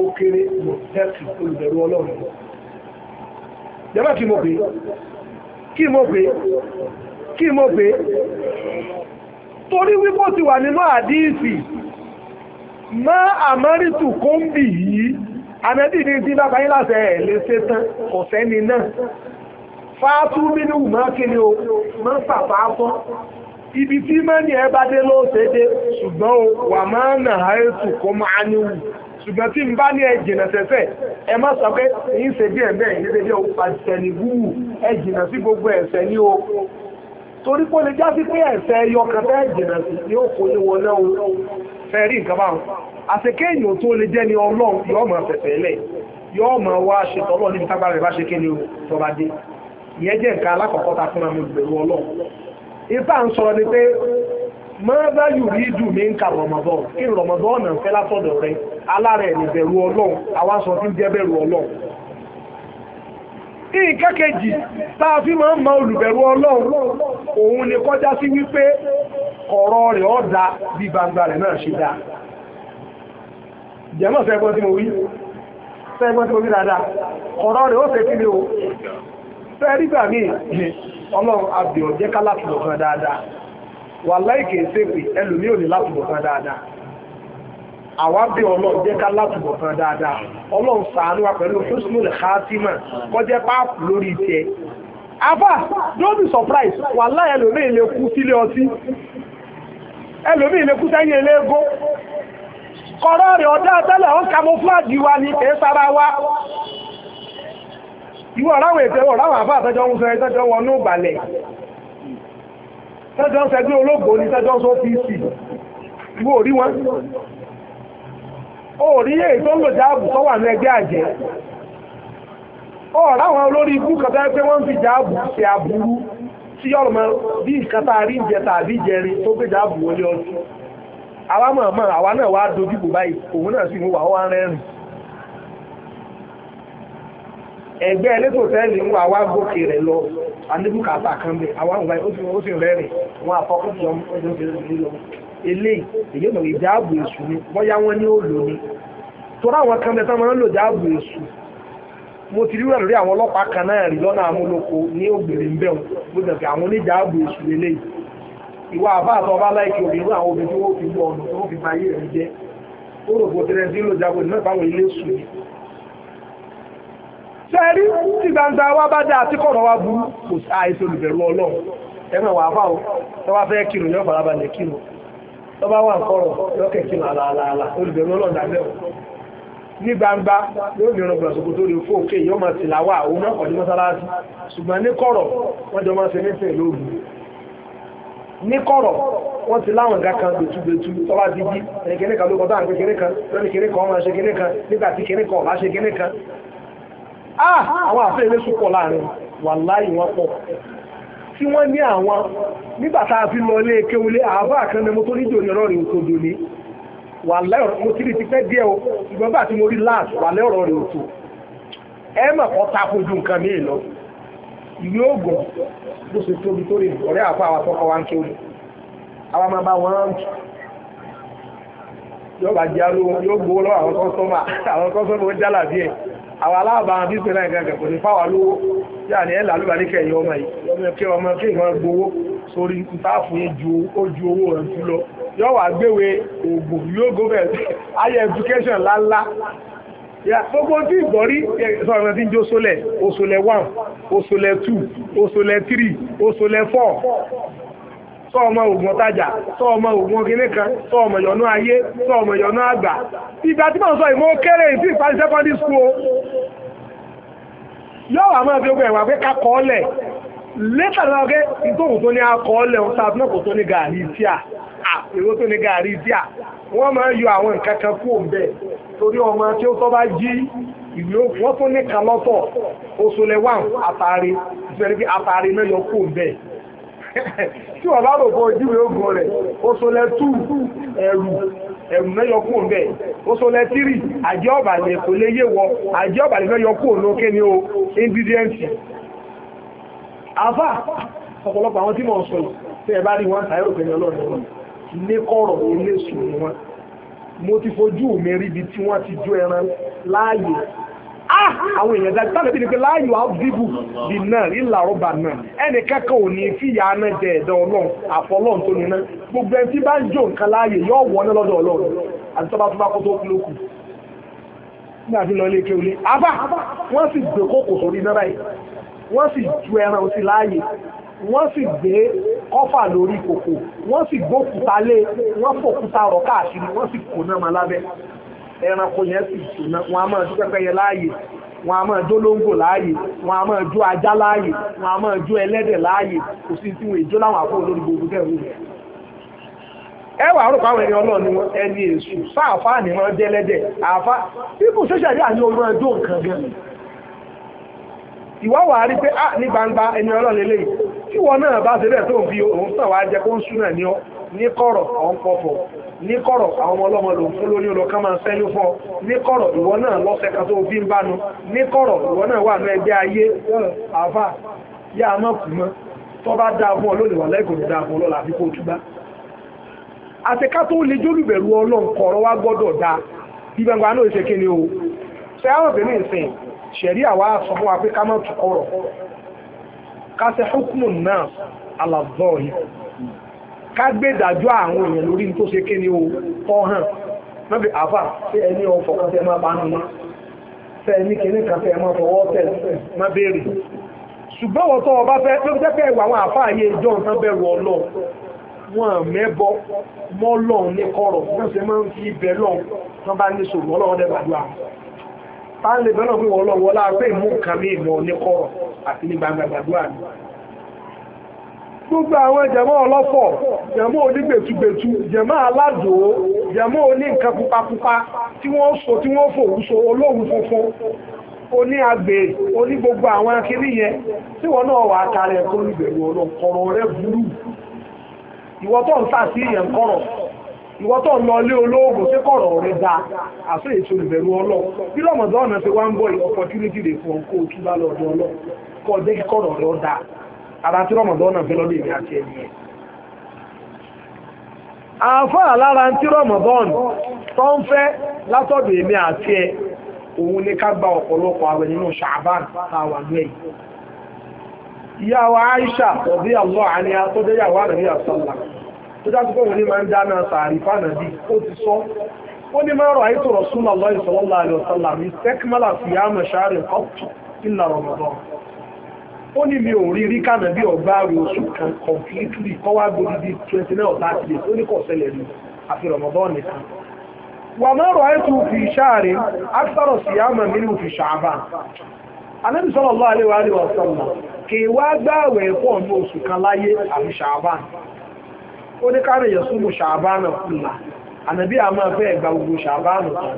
ó kéré mọ̀tẹ́kì olùbẹ̀rù ọlọ́run jẹ́bà kí mo pè kí mo pè kí mo pè torí wípé ó ti wà nínú àdíìsì má àmárìtù kó ń bì yìí àmẹ́bí ni tí bá báyìí láṣẹ ẹ̀ lè ṣe tán ọ̀sẹ́ni náà fàátú mínú mọ́kìnrin o mọ́ pàpà fún ibi tí mẹ́ni ẹ bá dé lóòtẹ́dẹ́ ṣùgbọ́n o wà máa nà á ètò kó máa níwù ṣùgbọ́n tí n bá ní ẹ jìnà sẹ́sẹ́ ẹ má sọ pé ṣe o pàṣẹni wúwù ẹ jìnà sí gbogbo ese ní o torí pé jasi lè ese sí pé ẹ̀ṣẹ̀ ẹyọ kan fẹ́ jìnà sí ni ó kò ní o fẹ́ rí nǹkan báwọn àṣekẹ́ tó lè jẹ́ ni ọlọ́run yóò máa fẹ̀fẹ̀ lẹ̀ yóò máa wa ṣètọ́lọ́ níbi tágbára rẹ̀ bá ṣe kéde o tọ́ba dé ìyẹn jẹ́ nǹkan alákọ̀ọ́kọ́ ta fúnra mi bẹ̀rù ọlọ́run ipa ń sọ̀rọ̀ ni pé mọ́nbá yùrí dùn mí ń ka rọmọbọ́n kí rọmọbọ́n náà fẹ́ látọ̀dọ̀ rẹ alárẹ̀ ní bẹ̀rù ọlọ́run àwa sọ tí ń jẹ́ bẹ̀rù ọlọ́run nǹkan kejì tá a fi máa ń mọ olùbẹ̀rù ọlọ́run òun ni kọjá sí wípé ọ̀rọ̀ rẹ̀ ọ́ da bí gbangba rẹ̀ náà ṣe da jẹ́mọ̀ fẹ́ gbọ́n tí mo wí fẹ́ gbọ́n tí mo wí dáadáa ọ̀rọ̀ rẹ̀ ó fẹ́ kí ni o fẹ́ rí gbà mí ọlọ́run abẹ ọ̀jẹ́ ká láti bọ̀ kan dáadáa wà láìkè sèpè ẹlòmí ò ní láti bọ̀ kan dáadáa àwa bí ọlọ́run jẹ́ ká láti bọ̀ kan dáadáa ọlọ́run ṣàánú wa pẹ̀lú husnul khatima kọjá páàpù lórí tiẹ̀ afa don't be surprised wà láì ẹlòmí ilé kú sílé ọtí ẹlòmí ilé kú sẹ́yìn ilé egó kọ̀rọ̀ rẹ̀ ọ̀dá tẹ́lẹ̀ ó kamọ́fúlàgì wa ni kì sára wa ìwọ ọ̀ráwọ̀ ètò ẹ̀wọ̀ ọ̀ráwọ̀ àbá àtọ́jọ́ ń sọ ẹ̀tọ́jọ́ wọn ní ìgbàlẹ̀ tọ́jọ́ ń sẹgbẹ́ olóògbò ní tọ́jọ́ ń sọ pc ìwọ orí wọn ó rí èyí tó ń lò jáàbù tó wà ní ẹgbẹ́ àjẹ́ ọ̀ráwọ̀ olórí ikú kọ̀tọ́ pé wọ́n fi jáàbù ṣe àbúrú tí ọ̀rọ̀mọ bí nǹkan rí ìjẹ tàbí ìjẹrin tó gbé jáàbù wọlé ọtún àwa mọ̀ọ́mọ̀ àwa náà wá dojú bò báyìí òun náà sì mú wàá wá rẹ́rìn ẹgbẹ́ elétò tẹ́lẹ̀ ń wà wá gòkè rẹ̀ lọ àníbùkátà kan bẹ̀ àwọn àwọn ó sì rẹ́rìn wọn àfọkùnjọ ọjọ́ ìrìn lọ eléyìí èyí ọ̀nà ìjáàbò èṣù ni bóyá wọ́n ní ó lò ní àwọn kan bẹ́ẹ̀ máa ń lò jáàbò èṣù mo ti rí rẹ̀ lórí àwọn ọlọ́pàá kan náà rí lọ́nà amúlòkọ ní ògbèrè ń mo jẹ̀ pé àwọn èṣù eléyìí sẹ́rí tí gbangba wa bá dáa tí kọ̀rọ̀ wa burú kò sí àìsí olùbẹ̀rù ọlọ́run ẹ̀mọ̀ wà fà ó tó bá fẹ́ kírun yóò fara balẹ̀ kírun tó bá wà olùbẹ̀rù ọlọ́run gbangba yóò ní tó yóò máa ti làwà òun náà mọ́sálásí ṣùgbọ́n ní kọ̀rọ̀ wọ́n jọ máa ṣe ní kọ̀rọ̀ kan jí ẹni ló kọ́ tó à ń pè lónìí ọmọ ṣe nígbà tí ọ̀la Ah, àwọn àfẹ́ ilé sùpọ̀ láàrin wàláì wọ́n pọ̀ tí wọ́n ní àwọn nígbàtà a fi lọ ilé kéwulé àbá kan ni mo tó níjò ní ọ̀rọ̀ rẹ̀ òtò dòní wàláì ọ̀rọ̀ mo ti rí ti pẹ́ díẹ̀ o ìgbọ́n bá ti mo rí ọ̀rọ̀ rẹ̀ òtò ẹ mọ̀ kọ́ ta nǹkan mi lọ ìwé ògùn bó ṣe tóbi tó rí ọ̀rẹ́ àpá àwọn wa ń àwọn wọn ń tù yóò bá jẹ́ yóò àwọn aláàbàwọn bí ìpínlẹ̀ gẹ̀gẹ̀ kò ní fáwà lówó yà ní ẹ̀là lóba ní kẹ̀yìn ọmọ yìí kí ọmọ kí ìmọ̀ gbowó sórí ntáàfù yẹn ju ojú owó rẹ̀ jù lọ yóò wá gbéwé oògùn yóò gómẹ̀ ayé education lálá gbogbo tí ìgbọ́rí sọ̀rọ̀ tí ń jó sólẹ̀ òsòlẹ̀ one òsòlẹ̀ two òsòlẹ̀ three òsòlẹ̀ four sọ ọmọ ògùn ọ̀tajà sọ ọmọ ògùn ọ̀gìnì kan sọ ọmọ ìyọ̀nú ayé sọ ọmọ ìyọ̀nú àgbà ìgbà tí mo sọ ìmọ̀ kéré ìdí ìparí secondary school yóò wà máa fi ogun ẹ̀wà pé ká kọ́ ọ lẹ̀ lẹ́tà náà ọ̀gẹ́ ìtòhùn tó ní akọ́ ọ lẹ̀ ọ̀tá náà kò tó ní gàrí tíà èrò tó ní gàrí tíà wọ́n máa ń yọ àwọn nǹkan kan kú òǹbẹ torí ọmọ tí ó tọ́ bá jí ìwé wọ́n tún ní kan oṣù lẹ́wọ̀n àtàrí ìfẹ́ ní bí àtàrí mẹ́yọ kú òǹbẹ tí wọ́n bá rò bọ́ ojúwe ogun rẹ̀ ó so lẹ tú ẹ̀rù ẹ̀rù náà yọ kúrò bẹ́ẹ̀ ó so lẹ tírì àjẹ́ ọ̀bàlẹ̀ kò lè yé wọ àjẹ́ ọ̀bàlẹ̀ náà yọ kúrò ní o ingredients àfà ọ̀pọ̀lọpọ̀ àwọn tí mò sọ yìí tí ẹ bá rí wọn tàyẹ̀ òpin ọlọ́run wọn ilé Ah, àwọn èèyàn dájú tábìlì tí ni pé láàyò áùdìbù bì náà ìlà rọ́bà náà ẹnì kankan ò ní fìyà náà jẹ ẹ̀dá ọlọ́run àfọlọ́run tó níná gbogbo ẹni tí bá ń jó nǹkan láàyè yóò wọ ní lọ́dọ̀ ọlọ́run àti tọ́ba tó bá kó tó kú lókù nígbà tí lọ ilé ike olé abá wọ́n sì gbé kókò sórí náà báyìí wọ́n sì ju ẹran sí láàyè wọ́n sì gbé kọ́fà lórí kòkò wọ́n sì gbókùtà lé wọ́n fòkúta rọ̀ káàkiri wọ́n sì kò náà máa lábẹ́ ẹranko yẹn sì ṣùnà wọn a máa jó pẹ́pẹ́yẹ láàyè wọn a máa jó lóńgò láàyè wọn a máa jó ajá láàyè wọn a máa láàyè kò sí tí wọn èjó láwọn gbogbo kẹrù rẹ. ẹ rò ẹni ni wọn ẹni èṣù ni wọn ni ọmọ nǹkan gan wàá rí pé ah, ní gbangba ẹni tí wọn náà bá ṣe ní kọ̀rọ̀ àwọn ọmọ ọlọ́mọ ló ń fún lórí olùkọ́ máa ń sẹ́yún fọ́ ní kọ̀rọ̀ ìwọ náà lọ́sẹ̀ kan tó fi ń bánu ní kọ̀rọ̀ ìwọ náà wà ní ẹgbẹ́ ayé àfà yá àmọ́ kù mọ́ tó bá dáa fún ọ lónìí wà lẹ́kọ̀ọ́ dáa fún ọ lọ́la àfi kó túbá. àti ká tó lè jólùbẹ̀rù ọlọ́run kọ̀rọ̀ wa gbọ́dọ̀ da ìgbàgbà náà ṣe kíni o ṣe àwọn òbí nìsín ṣẹ̀rí àwa sọ fún wa pé ká má tún kọ̀rọ̀ ká ká gbé ìdájọ́ àwọn èèyàn lórí tó ṣe kéde o kọ́ hàn mẹ́bí àfà ṣé ẹni ọ̀fọ̀ kan tẹ́ máa bá nu mọ́ ṣé ẹni kìíní kan tẹ́ máa fọwọ́ tẹ̀ má béèrè ṣùgbọ́n wọ́n tọ́ ọba fẹ́ ló fi jẹ́pẹ́ ìwà àwọn àfà ayé ìjọ nǹkan bẹ̀rù ọlọ́ wọn mẹ́bọ mọ́ lọ́hùn ní kọ̀rọ̀ wọ́n ṣe máa ń fi ibẹ̀ lọ́hùn tán bá ní sòrò ọlọ́run dẹ̀ gbàdúrà táà ń lè bẹ́ẹ̀ náà pé wọ́n lọ́wọ́ láàpẹ́ ìmú nǹkan mí ìmọ̀ ní kọ̀rọ̀ àti ní gbàgbàgbàdúrà ni gbogbo àwọn jẹ̀mọ́ ọlọ́fọ̀ jẹ̀mọ́ onígbètúgbètú jẹ̀mọ́ aládùúgbò jẹ̀mọ́ oní nǹkan pupapupa tí wọ́n so tí wọ́n fòwú so olóòwú funfun oní agbè oní gbogbo àwọn akíní yẹn tí wọ́n náà wà á tarẹ̀ kó ní bẹ̀rù ọlọ́kọ̀rọ̀ rẹ burú ìwọ tó ń sà sí ìyẹn kọ̀rọ̀ ìwọ tó ń lọ ilé olóògùn sí kọ̀rọ̀ rẹ da àṣẹ èso ìbẹ̀rù ọlọ́ bí lọ́mọdé ọ̀nà ti wá ń bọ̀ opportunity dé fún ọ kó o túbá lọ́dọ̀ ọlọ́ kọ́ ọ dé kí kọ̀rọ̀ rẹ ọ dáa ara tí rọmọdọ́ náà fẹ́ lọ́dún ìrìn àti ẹ̀yìn àfáà lára tí rọmọdọ́n tó ń fẹ́ látọ̀dọ̀ èmi àti ẹ̀ òun ní ká gba ọ̀pọ̀lọpọ̀ àwẹ̀ nínú ṣàbán táwà lẹ́yìn ìyàwó Aisha ọ̀bí àlọ́ àníyá tó jẹ́ ìyàwó àrẹ̀rí àsọ́là tó já sípò wọn ní máa ń dáná sàárì fánàbí ó ti sọ ó ní máa rọ̀ àìtò Rasulullah sallallahu alaihi wasallam ní sẹ́kímọ́là fìyàmọ̀ ṣáàrẹ̀ ọ̀tún ìlà Ramadan ó ní mi ò rí rí kànáà bí ọgbà oṣù kan completely kọ́ wá gbòdì di twenty nine of thirty days ó ní kò ṣẹlẹ̀ ní àfi rọ̀mọ́dọ́ nìkan. wà má rọ̀ ẹ́ tún fi ṣáàrẹ̀ akitọ́rọ̀ sí àmà mi ní òfin ṣàbà anabi sallallahu alaihi wa sallam kì í wá gbààwẹ̀ pọ̀ ní oṣù kan láyé àfi ṣàbà ó ní kánà yẹ súnmù ṣàbà náà kùlà ànàbí àmà fẹ́ gba gbogbo ṣàbà náà tán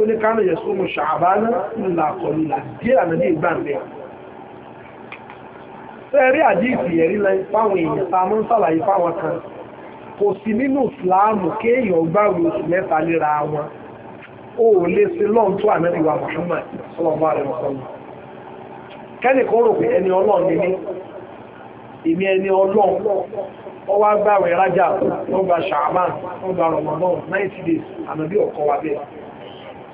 ó ní kánà yẹ súnmù ṣàbà náà kùlà kọlùlà sẹ́rí àdíìsì ẹ̀rí lẹ́yìn fáwọn èèyàn tá mọ́ ń sàlàyé fáwọn kan kò sí nínú ìsìláàmù kéèyàn gbààwé oṣù mẹ́ta léra wọn ó lè ṣe lọ́n tó ànábì wa Muhammad sallallahu alaihi wasallam rò pé ẹni ọlọ́run èmi ẹni ọlọ́run ó wá days ọkọ wa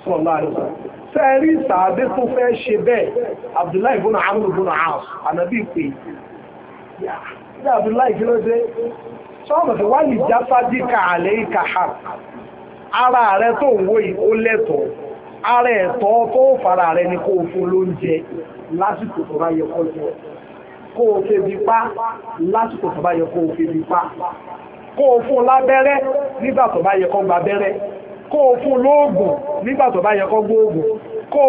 sọ̀rọ̀ àlùsọ̀ sẹ́ẹ̀rí sàádé tó fẹ́ ṣe bẹ́ẹ̀ abdullahi bùnà amúlù bùnà áàs ànábì pé ní abdullahi kí ló dé sọ́ọ̀mù tí wàá lè já sáájì ká àlẹ́ ìka ha ara rẹ tó ń wò yìí ó lẹ́tọ̀ọ́ ara ẹ̀tọ́ tó fara rẹ ni kó o fún lóúnjẹ lásìkò tó bá yẹ kó jẹ kó o febi pa lásìkò tó bá yẹ kó o febi pa kó o fún lábẹ́rẹ́ nígbà tó bá yẹ kó o abẹ́rẹ́ kó o fún lóògùn nígbà bá yẹ gbóògùn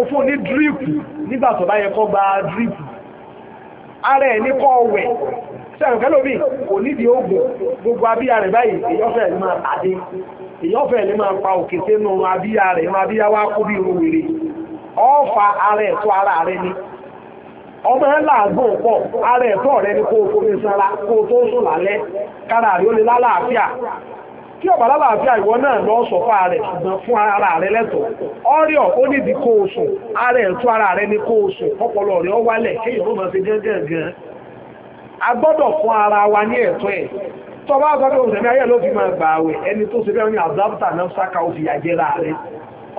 fún ní dírípù bá ara ẹ̀ ní kọ́ ṣe sẹ́yìn kò nídìí ogun gbogbo abíyá rẹ̀ báyìí èyọ́fẹ́ máa pa òkè sínú abíyá rẹ̀ abíyá wá bí wèrè ọ̀fà ara ara rẹ̀ ni ara ni kó o sanra kó o tó sùn kára rí lè kí ọ̀bà lálàáfíà ìwọ náà lọ sọ̀fà ààrẹ ṣùgbọ́n fún ara rẹ̀ lẹ́tọ̀ọ́ ọrịa ó kó o sùn ara ẹ̀ ara rẹ̀ ní kó o sùn ọpọlọ ọ kéèyàn ló máa ṣe gángan fún ara wa ní ẹ̀tọ́ ẹ̀ tó bá sọ pé òṣèlú ayé ló fi máa gbà ẹni tó ṣe bẹ́ẹ̀ ní náà sáka ó fi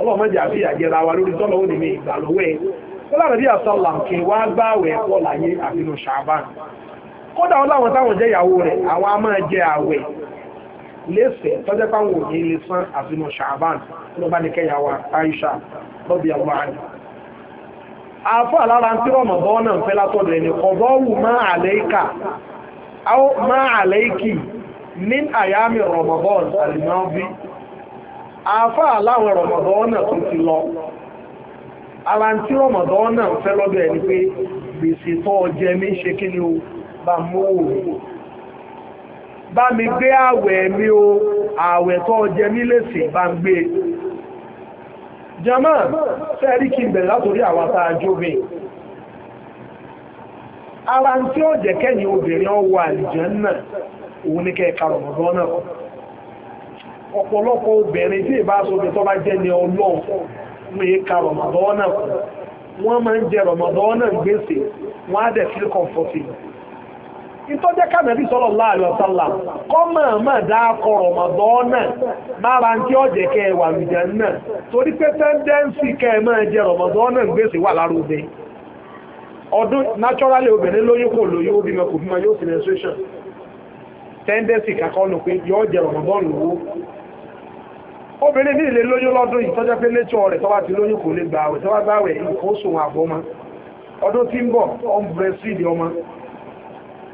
wa lórí tọ́lọ́ ó ìgbà bí lẹ́sẹ̀ tọ́jẹ́ páwọn òní lè san àfihàn ṣàbán ló bá ní kẹyà wa Aisha lọ́bí àwọn àná afọ́ àlára ń tí rọ̀mọ̀ bọ́ náà fẹ́ látọ̀dọ̀ ẹni ọ̀bọ̀ wù má àlẹ́kà má àlẹ́kì ní àyàmì Ramadan àlìmọ́bí Ramadan náà tó ti lọ ara ń Ramadan náà fẹ́ lọ́dọ̀ ẹni pé gbèsè tó ọjẹ́ mi ṣe kí ni bá mi gbé ààwẹ̀ mi o ààwẹ̀ tó jẹ mí lèsì bá ń gbé jama fẹ́rí kí n bẹ̀rẹ̀ látòrí àwọn àtàjò mi ara tí ó jẹ́ kẹ́yìn obìnrin ọwọ́ àlìjànnà òun ní kẹ́ẹ̀ka rọ̀mọ̀dọ́ náà ọ̀pọ̀lọpọ̀ obìnrin tí ìbá sóbi tó bá jẹ́ ní ọlọ́run ní ẹ̀ka rọ̀mọ̀dọ́ náà wọ́n máa ń jẹ rọ̀mọ̀dọ́ náà gbèsè wọ́n á dẹ̀ feel comfortable ìtọ́jẹ́ kàmẹ́bí sọ́lọ̀ láàrin ọ̀sánlá kọ́mọ̀ mọ̀ dáàkọ̀ náà mára ntị kí ọ̀jẹ̀ kẹ́ náà torí pé tẹ́ndẹ́ǹsì kẹ́ máa rọ̀mọ̀dọ́ náà gbèsè wà lára ọdún naturally obìnrin lóyún kò lóyún obì tẹ́ndẹ́ǹsì kakọ́ ló pé rọ̀mọ̀dọ́ lówó obìnrin lóyún lọ́dún ìtọ́jẹ́ pé rẹ̀ tọ́wá ti lóyún kò lè gbà àwẹ̀ tọ́wá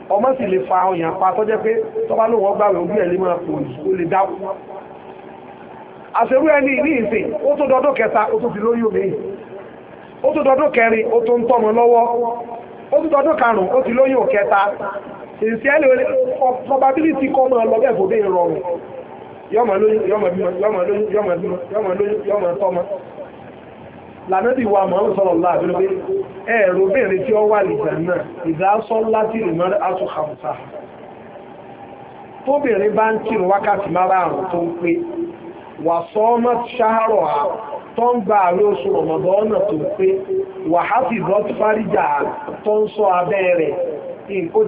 ọmọ sì lè fa ọyàn pa tó jẹ́ pé tọ́bá ló wọ́n gbàwẹ̀ ojú ẹ̀ lè máa kò ó lè dákú àṣẹrú ẹni ní ìsìn ó tó dọdún kẹta ó tó fi lórí omi ó tó dọdún kẹrin ó tó ń tọ́mọ lọ́wọ́ ó tó dọdún karùn-ún ó ti lóyún kẹta èsì ẹlẹ́ probability kọ́ máa lọ bẹ́ẹ̀ fòdé ìrọ̀rùn yọmọ lóyún yọmọ bímọ yọmọ lóyún yọmọ tọ́mọ ẹ̀rù obìnrin tí ó wà lìgbà náà ìdásọ́ láti rìn mọ́rẹ́ àtúkàmùsà tóbìnrin bá ń kírun wákàtí márààrún tó ń pé wà sọ́ọ́mọ́ ṣáárọ̀ à tó ń gba àárẹ̀ oṣù rọ̀mọ̀dọ́ ọ̀nà tó ń pé wà á sì rọ́ ti fáríjà tó ń sọ abẹ́ rẹ̀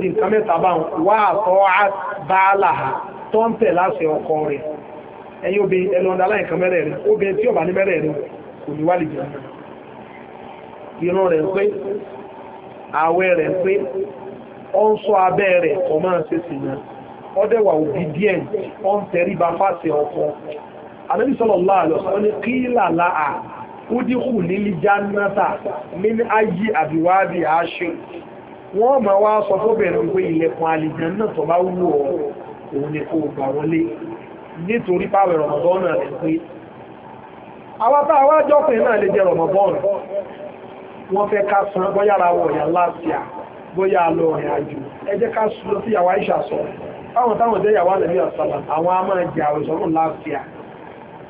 nǹkan mẹ́ta bá ń wá àtọ́ báàlà tó ń tẹ̀ láṣẹ ọkọ rẹ̀ ẹ̀yin obìnrin ẹlọ́ndà láì kan mẹ́rẹ̀ẹ̀rin obìnrin tí ó bá ní mẹ́rẹ̀ẹ̀rin kò ní irun rẹ̀ ń pé àwẹ̀ rẹ̀ ń pé ó ń sọ abẹ́ rẹ̀ kò máa ṣe sì yàn ó dẹ̀ wà obedient ó ń tẹríba fáṣẹ ọkọ ànábì sallallahu alaihi wasallam ní qila laha udkhuli lil jannata min ayyi abwabi àṣẹ wọ́n máa wá sọ fóbìnrin pé ilẹ̀kùn àlìjàn náà tó bá wù ọ́ òun ni kò gbà wọlé nítorí pàwẹ̀ rọ̀mọ̀bọ́ọ̀nù rẹ̀ pé àwọn táwọn ajọ́pìn náà lè jẹ rọ̀mọ̀bọ́ọ̀nù wọ́n fẹ́ ká san bóyá ara wọ̀ ọ̀yà láàfíà bóyá lọ ọ̀rìn àjò ẹ jẹ́ ká sọ sí yàwá ìṣà sọ táwọn táwọn jẹ́ yàwá nàbí àsálà àwọn a máa jẹ àwọn ìṣọ́nù láàfíà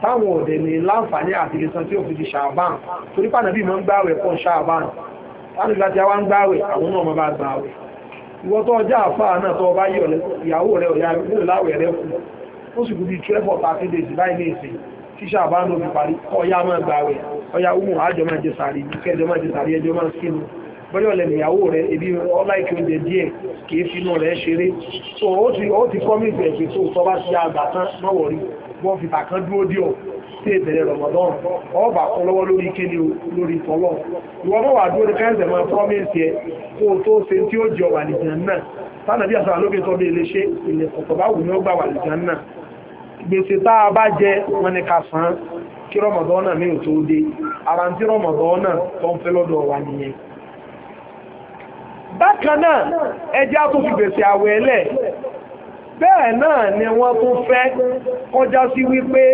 táwọn ọ̀dẹ̀ ní láǹfààní àti ìsan tí ó fi di ṣàbán torí pàdánù máa ń gbààwẹ̀ pọ̀ ṣàbán láti gba ti àwa ń gbààwẹ̀ àwọn náà máa bá gbààwẹ̀ ìwọ tó ọjà àfáà náà tó ọba yọ̀ ìyàwó rẹ̀ ọ̀yà ìwúlò láwẹ̀ rẹ̀ kù ó sì kú bí twelve or thirteen days báyìí ní ìsìn tíṣà bá ló fi parí ọya máa gbà rẹ̀ ọya umu àjọ máa jẹ sàárì kẹjọ máa jẹ sàárì ẹjọ máa sínú bọ́yọ̀ lẹ́nu ìyàwó rẹ̀ ebi ọláìkì oúnjẹ díẹ̀ kìí finú rẹ̀ ṣeré so ó ti promise ẹ̀ pé tó tọ́ bá ti àgbà tán náà wọ̀rí wọ́n fi tàkán dúró díọ̀ sí ìbẹ̀rẹ̀ rọ̀mọ̀dọ́n ọba kan lọ́wọ́ lórí kéde lórí tọ́lọ̀ ìwọ mọ̀ wà dúró káyọ̀sẹ̀ máa gbèsè tá a bá jẹ wọn ni ká san án kí rọmọdán náà mi ò tó dé ara tí rọmọdán náà tó ń fẹ́ lọ́dọ̀ wa nìyẹn bákan náà ẹjẹ́ á tún fi gbèsè àwẹ̀ ẹlẹ̀ bẹ́ẹ̀ náà ni wọ́n tún fẹ́ kọjá sí wípé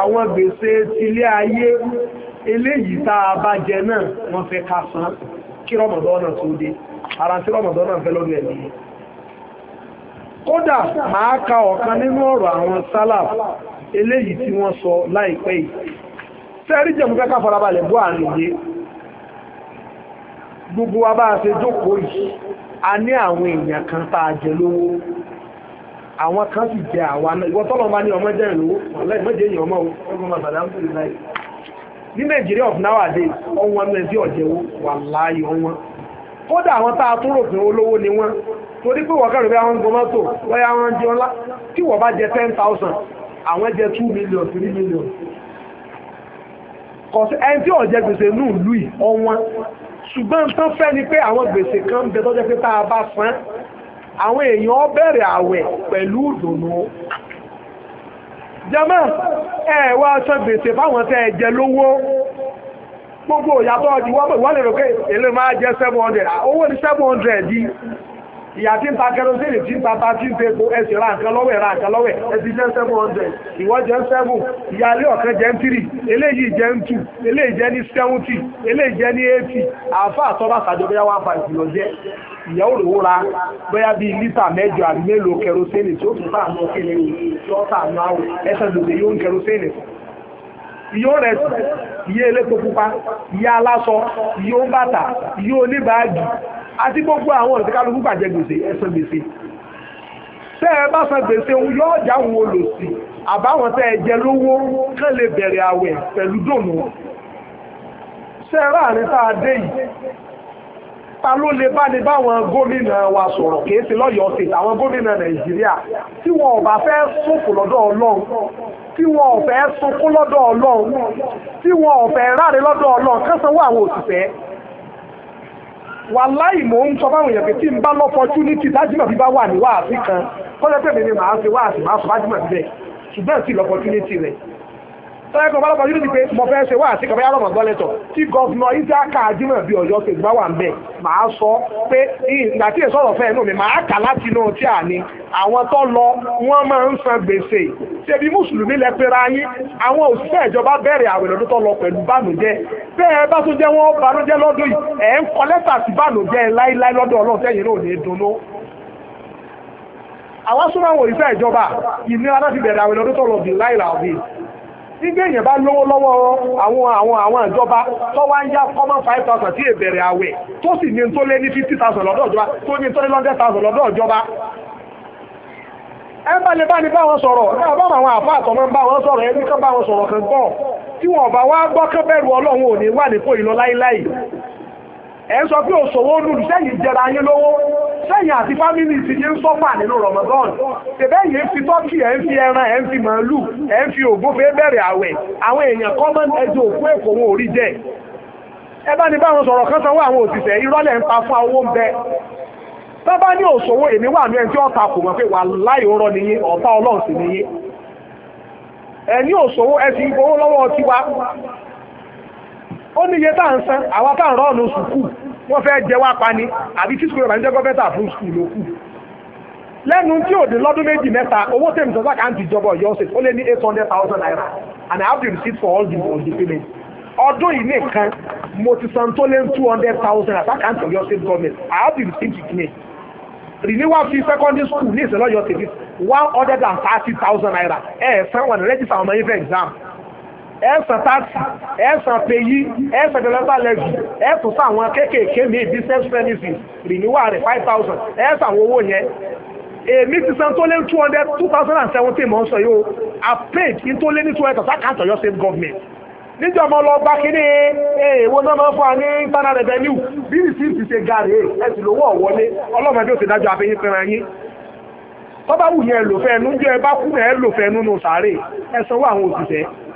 àwọn gbèsè tilé ayé eléyìí tá a bá jẹ náà wọ́n fẹ́ ká san kí rọmọdán náà tó dé ara tí rọmọdán náà fẹ́ lọ́dọ̀ ẹ̀ nìyẹn kódà máa ka ọ̀kan nínú ọ̀rọ̀ àwọn sálàf eléyìí tí wọ́n sọ láìpẹ́ yìí sẹ́rí jẹ̀mú kẹ́kà farabalẹ̀ bó àrùn yé gbogbo wa bá a ṣe jókòó yìí a ní àwọn èèyàn kan tá a jẹ lówó àwọn kan sì jẹ àwa náà ìwọ tọ́lọ́ máa ní ọmọ jẹ́ ìlówó wàlẹ́ ìmọ̀jẹ̀ èèyàn ọmọ ọmọ bàbá ń pè ní Nàìjíríà of nowadays ọ̀wọ́n ẹgbẹ́ sí ọ̀jẹ̀wó wàláyé ọ̀wọ́n kódà àwọn tá a tún rò pé olówó ni wọ́n torí pé wọ́n kẹ́rù bí àwọn gbọmọ́tò lọ́yà wọn jẹ ńlá tí wọ́n bá jẹ ten thousand àwọn jẹ two million three million kọ̀sí ẹni tí ọ̀jẹ̀ gbèsè nù lù ì ọ̀wọ́n ṣùgbọ́n tán fẹ́ ni pé àwọn gbèsè kan ń bẹ tọ́jọ́ pé tá a bá san àwọn èèyàn bẹ̀rẹ̀ àwẹ̀ pẹ̀lú ìdùnnú jẹ́mọ́ ẹ̀ wá aṣọ gbèsè fáwọn tẹ́ ẹ jẹ lówó gbogbo ìyàtọ̀ ọdí wọ́n lè rò pé èlé máa jẹ́ 700 owó ní 700 di ìyà tí ń ta kẹrọsílì tí ń ta ta tí ń te epo ẹsì ra nǹkan lọ́wọ́ ra nǹkan lọ́wọ́ ẹsì jẹ́ 700 ìwọ jẹ́ 7 ìyálé ọ̀kan jẹ́ 3 eléyìí jẹ́ 2 eléyìí jẹ́ ní 70 eléyìí jẹ́ ní 80 àáfà àtọ́bà sàjọ bóyá 15 kìlọ̀ jẹ́ ìyàwó rẹ̀ wúra bóyá bíi lítà mẹ́jọ àbí mélòó kẹrọsílì tí ó tún sáà náà kéde ìṣọ́ta àná ẹsẹ̀ lòdì yóò ń kẹrọsílì ìyá òrẹsì ìyá elépo pupa ìyá aláṣọ ìyá òǹbàtà ìyá oníbàágì àti gbogbo àwọn ọ̀rẹ́ tí kálukú gbàjẹ gbèsè ẹ̀sán gbèsè tẹ́ ẹ bá san gbèsè òun yóò já òun olòṣì àbáwọn tẹ́ ẹ jẹ lówó kán lè bẹ̀rẹ̀ àwẹ̀ pẹ̀lú dòmù tẹ́ ẹ láàrin tá a dé yìí ta ló lè bá ní báwọn gómìnà wa sọ̀rọ̀ kì í ṣe lọ́yọ̀ọ́ sí àwọn gómìnà nàìjíríà tí wọn ò bá fẹ́ sùnkù lọ́dọ̀ ọlọ́run tí wọn ò fẹ́ sunkún lọ́dọ̀ ọlọ́run tí wọn ò fẹ́ ráre lọ́dọ̀ ọlọ́run kẹsànwó àwọn òṣìṣẹ́ wàláì mò ń sọ fáwọn èèyàn pé tí n bá lọ́pọ̀túnítì dájúmọ̀ bí bá wà ní wáàsí kan kọ́lẹ́pẹ̀ mi ni màá ṣe wáàsí màá sọ tọ́lẹ́kọ̀ ọ̀pọ̀lọpọ̀ yóò ti pé mo fẹ́ ṣe wá àti kàbáyà rọ̀mọ̀ tí gọ́ọ̀nà aka àjùmọ̀ bíi ọ̀yọ́ ti gbá wà ń màá sọ pé ìgbà tí èso ọ̀rọ̀ fẹ́ inú mi màá kà láti inú tí à àwọn tó lọ wọ́n máa ń san gbèsè ṣebí mùsùlùmí lẹ pera yín àwọn òṣìṣẹ́ lọ pẹ̀lú bànújẹ́ bẹ́ẹ̀ bá jẹ́ bànújẹ́ lọ́dún yìí ẹ̀ ń kọ lẹ́tà sí bànújẹ́ láíláí lọ́dún ní dunnú àwọn súnmọ́ àwọn òṣìṣẹ́ ìjọba ìnira láti tí gbẹ̀yìn bá lówó lọ́wọ́ àwọn àwọn àwọn ìjọba tó wá ń yá common five thousand tí èbẹ̀rẹ̀ àwẹ̀ tó sì ní tó lé ní fifty thousand lọ́dọ̀ ìjọba tó ní tó lé hundred thousand lọ́dọ̀ ìjọba ẹ bá lè bá ní bá wọn sọ̀rọ̀ ẹ bá àwọn àfa bá wọn sọ̀rọ̀ ẹni kan bá wọn sọ̀rọ̀ kan gbọ́ tí E pé òṣòwò nùlù sẹ́yìn jẹra yín lówó sẹ́yìn àti fámílì ti yín sọ́fà nínú Ramadan tẹ̀bẹ́ yìí ń fi tọ́kì ẹ̀ ń fi ẹran ẹ̀ ń fi màálù ẹ̀ ń fi ògúnfẹ́ bẹ̀rẹ̀ àwẹ̀ àwọn èèyàn common ẹjọ́ òkú èkó wọn orí jẹ́ ẹ bá ní fún owó ń bẹ bá ní òṣòwò èmi wà ní ẹjọ́ kò mọ̀ pé wà láì rọ nìyí ọ̀tá nìyí ó ní iye tá à ń san àwa tá à ń rọ́ọ̀nù sùkúù wọ́n fẹ́ jẹ wá pani àbí tí sùkúù rẹ̀ bá ń jẹ́ gọ́fẹ́tà fún sùkúù ló kù lẹ́nu tí ò dín lọ́dún méjì mẹ́ta owó tèmi tó sáà káàntì ìjọba ọ̀yọ́ ṣe ó lé ní eight hundred thousand naira and I have the receipt for all the all the payments ọdún yìí nìkan mo ti san tó lé ní two hundred thousand naira káàntì ọ̀yọ́ ṣe government I have the receipt with me renewal fee secondary school ní ìṣẹ̀lẹ̀ ọ̀yọ́ ṣe one hundred and thirty thousand naira ẹ̀ ẹ̀ sanwó-ẹ̀rẹ́ ti sàwọn ọmọ yín fẹ́ exam ẹ̀sán táàtì ẹ̀sán péyí ẹ̀sán dẹ́lẹ́sà lẹ́sì ẹ̀sùn sáwọn kéékèèké mi business services renewal rẹ̀ five thousand ẹ̀sán àwọn owó yẹn èmi ti san tó lé two hundred two thousand and seventeen mọ̀ ń sọ yìí o i paid in tó lé ní two hundred thousand account of your state government níjọ́ ọmọ lọ bá kíní èèwọ̀ náà máa ń fún wa ní internal revenue bí ìsìn ti ṣe ga rèé ẹ̀sìn lówó ọ̀wọ́lé ọlọ́mọdé ò ti dájọ́ abẹ́yín fẹ́ra yín tọ́ba wù yẹn lò fẹ́ẹ́nu jẹ́ ẹ bá kú ẹ lò fẹ́ẹ́nu nù sàárè ẹ sanwó àwọn òṣìṣẹ́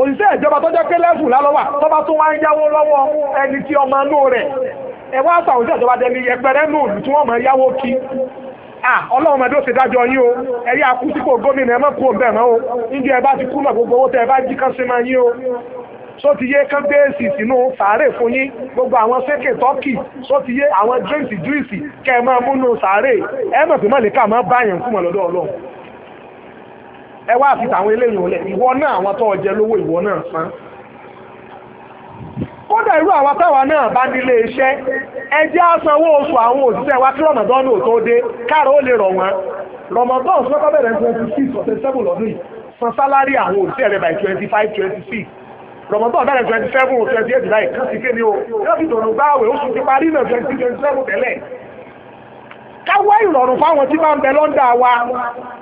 òṣìṣẹ́ ìjọba tó jẹ́ pé lẹ́sùn lálọ́wà tó bá tún wá ń yáwó lọ́wọ́ ẹni tí ọmọ inú rẹ̀ ẹ wá sọ àwọn òṣìṣẹ́ ìjọba dẹni yẹpẹrẹ nù tí wọ́n mọ̀ yáwó kí ọlọ́run ṣe dájọ́ yín o ẹ̀rí akú sí kò gómìnà ẹ kú òǹbẹ̀ mọ́ o níbi ẹ bá ti kú gbogbo owó tẹ ẹ bá jí kán sí o só ti yé kán sínú sàárè fún gbogbo àwọn sékè tọ́kì só ti yé àwọn kẹ́ ẹ máa sàárè mọ̀ pé má lè ká máa ẹ wá fi tàwọn eléyìí ìwọ náà àwọn tó lówó ìwọ náà san kódà irú àwọn táwa náà bá nílé iṣẹ́ ẹ àsanwó oṣù àwọn òṣìṣẹ́ wa kí rọ̀mọ̀dọ́nù ò tó dé káàró ó lè rọ̀ wọ́n bẹ̀rẹ̀ san sálárì àwọn òṣìṣẹ́ by twenty five twenty six bẹ̀rẹ̀ twenty seven twenty o yóò fi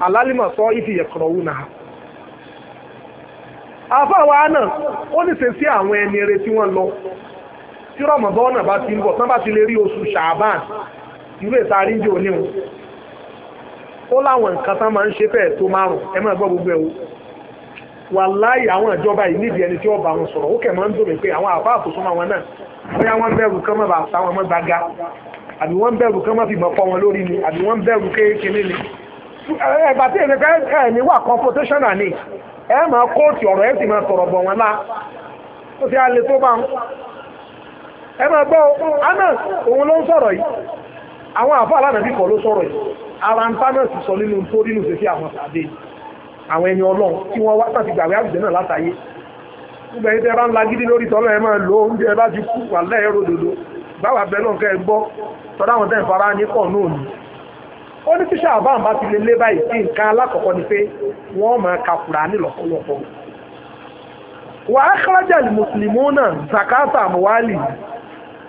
Alalima sọ ìfì ẹ̀kọ̀rọ̀ wù náà. àfáwa náà ó ní ṣe sí àwọn ẹni eré tí wọ́n lọ tí rọ̀mọ̀bọ́nà bá ti ń bọ̀ tán bá ti lè rí oṣù ṣàbán ìwé ìtarí ń jẹ́ òní wọn ó láwọn nǹkan tán máa ń ṣe fẹ́ẹ̀ tó márùn-ún ẹ máa gbọ́ gbogbo ẹ̀ wò wàláyé àwọn ìjọba yìí nídìí ẹni tí ó bá wọn sọ̀rọ̀ ó kẹ̀ máa ń dùn mí pé àwọn àbá àkósọ́mọ́ wọn náà bóyá wọ́n bẹ̀rù kán má bàa sáwọn mọ́ gbaga àbí wọ́n bẹ̀rù kán má fi mọ́ wọn lórí ni àbí wọ́n bẹ̀rù kéékèèké ni ẹ̀gbà tí èmi fẹ́ ní wà ni ẹ máa kóòtù ọrọ ẹ sì máa wọn lá ó ti alẹ́ tó bá ń ẹ máa gbọ́ aná òun ló ń sọ̀rọ̀ yìí àwọn àfọ alánàbí kọ̀ ló sọ̀rọ̀ yìí ara ń tá náà sì sọ nínú tó nínú ṣe sí àwọn àwọn ẹni tí wá láti náà gbogbo ẹni bá ń lagídí lórí ẹ máa lo oúnjẹ bá ti kú ó ní tíṣà àbáǹbá ti lè lé báyìí kí nǹkan alákọ̀ọ́kọ́ ni pé wọ́n máa ka Kùránì lọ́pọ̀lọpọ̀ wà á kárájà mùsùlùmí náà zakata àmúwálì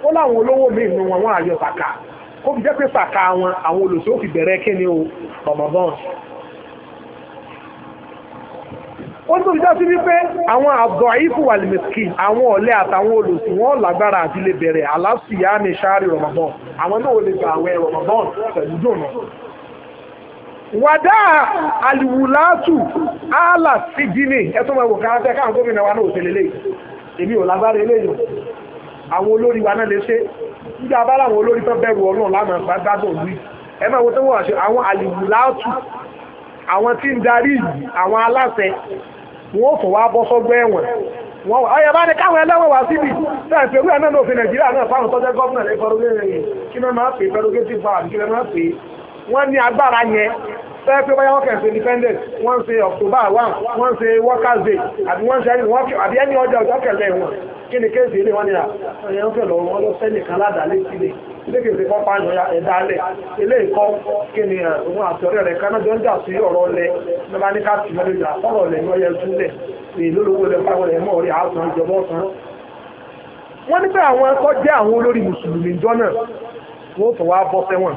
ó láwọn olówó mi nù wọn wọn àyọ sàkà ó fi jẹ́ pé sàkà wọn àwọn olùsọ́ fi bẹ̀rẹ̀ kíni o Ramadan ó tún já sí wípé àwọn àbọ̀ ìfù àlìmẹ̀kì àwọn ọ̀lẹ́ àtàwọn olùsìn wọn lágbára àti lè bẹ̀rẹ̀ aláṣìyá ní sáárì Ramadan àwọn náà lè gba àwẹ̀ Ramadan pẹ̀lú dùnú wàdá àlìwùlátù àlà sídìní ẹtún ẹwọ kan tẹ káwọn gómìnà wa náà ò tẹlẹ lẹ́yìn èmi ò lágbára eléyìí àwọn olórí wa náà lè ṣe nígbà bá láwọn olórí tó bẹ̀rù Ọlọ́run lánàá bá gbádùn lù ẹ máa wo tó wọ́n àṣẹ àwọn àlìwùlátù àwọn tí ń darí yìí àwọn aláṣẹ wọn ò tún wá bọ́ sọ́gbọ́ ẹ̀wọ̀n wọn wà ọyọ bá ní káwọn ẹlẹ́wọ̀n wá síbi táà pẹ̀lú ẹ̀ náà ní Nàìjíríà náà fáwọn tọ́jọ́ gọ́ọ̀nà ẹ̀fọ́rọ́gẹ́rẹ́ yìí kí wọ́n máa pè é fẹ́rọ́gẹ́tì fáwọn kí wọ́n máa pè é wọ́n ní agbára yẹn fẹ́ẹ́ pé báyà wọ́n kẹ̀sẹ̀ independent wọ́n ṣe October one wọ́n ṣe workers day àbí wọ́n ṣe àbí ẹni ọjọ́ ọjọ́ kẹlẹ̀ wọn kí ni kéèsì ilé wọn ni àyàn fẹ́ lọ wọn lọ sẹ́ni kan ládàálé sílé ilé kèsì kan pààyàn ya ẹ̀dá lẹ̀ ilé ìkọ́ kí ni òun àti ọ̀rẹ́ rẹ̀ kaná jọ ń jà sí ọ̀rọ̀ lẹ̀ nígbà ní ká tì mọ́ lójú àkọ́rọ̀ lẹ̀ ní ọyẹ túlẹ̀ ní lólówó lẹ̀ fáwọn ẹ̀ mọ́ orí àásán ìjọba ọ̀sán. wọ́n ní pé àwọn ẹ̀kọ́ jẹ́ àwọn olórí mùsùlùmí jọ náà wọ́n fọwọ́ bọ́ sẹ́wọ̀n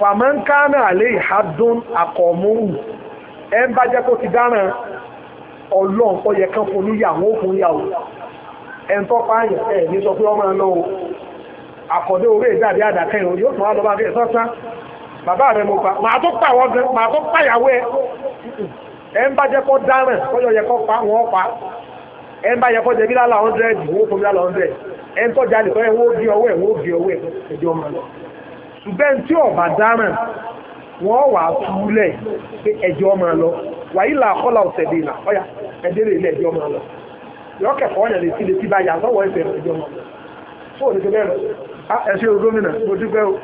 fàmọ́ńkánà àlẹ́ ìhádùn àkọ̀mọ́hù ẹ ń bá jẹ́ kó ti dáràn ọlọ́run tó yẹ kán fún níyàwó fún yàwó ẹ ń tọ́pá àyàn ẹ̀ ní sọ pé ọmọ ẹ lọ́wọ́ àkọ́dé orí ìjáde àdàkẹ́ ìròyìn yóò tún wá lọ bá bẹ́ẹ̀ sọ́sán bàbá rẹ̀ mo pa màá tó pàwọ́ gan màá tó pàyàwó ẹ ẹ ń bá jẹ́ kó dáràn kọ́jọ́ yẹ kó pa wọ́n pa ẹ ń bá yẹ kó jẹ bí lálà hundred wọ́n fún mi lálà hundred ẹ ń tọ́jà lè tọ́ ẹ wọ́n ó bí ọwọ́ ẹ wọ́n bí ọwọ́ ẹ ẹjọ́ ṣùgbọ́n tí ọba dáràn wọ́n wà á túlẹ̀ pé ẹjọ́ máa lọ wàyí là kọ́là ọ̀sẹ̀ bíi là ọ̀yà ẹ̀dẹ́ lè lé ẹjọ́ máa lọ yọ kẹfọ́ ọ̀yà lè ti lè ti bá yà sọ́wọ́ ẹ̀fẹ̀ ẹjọ́ máa lọ fún òní tó bẹ́ẹ̀ lọ ẹ o gómìnà mo dúpẹ́ o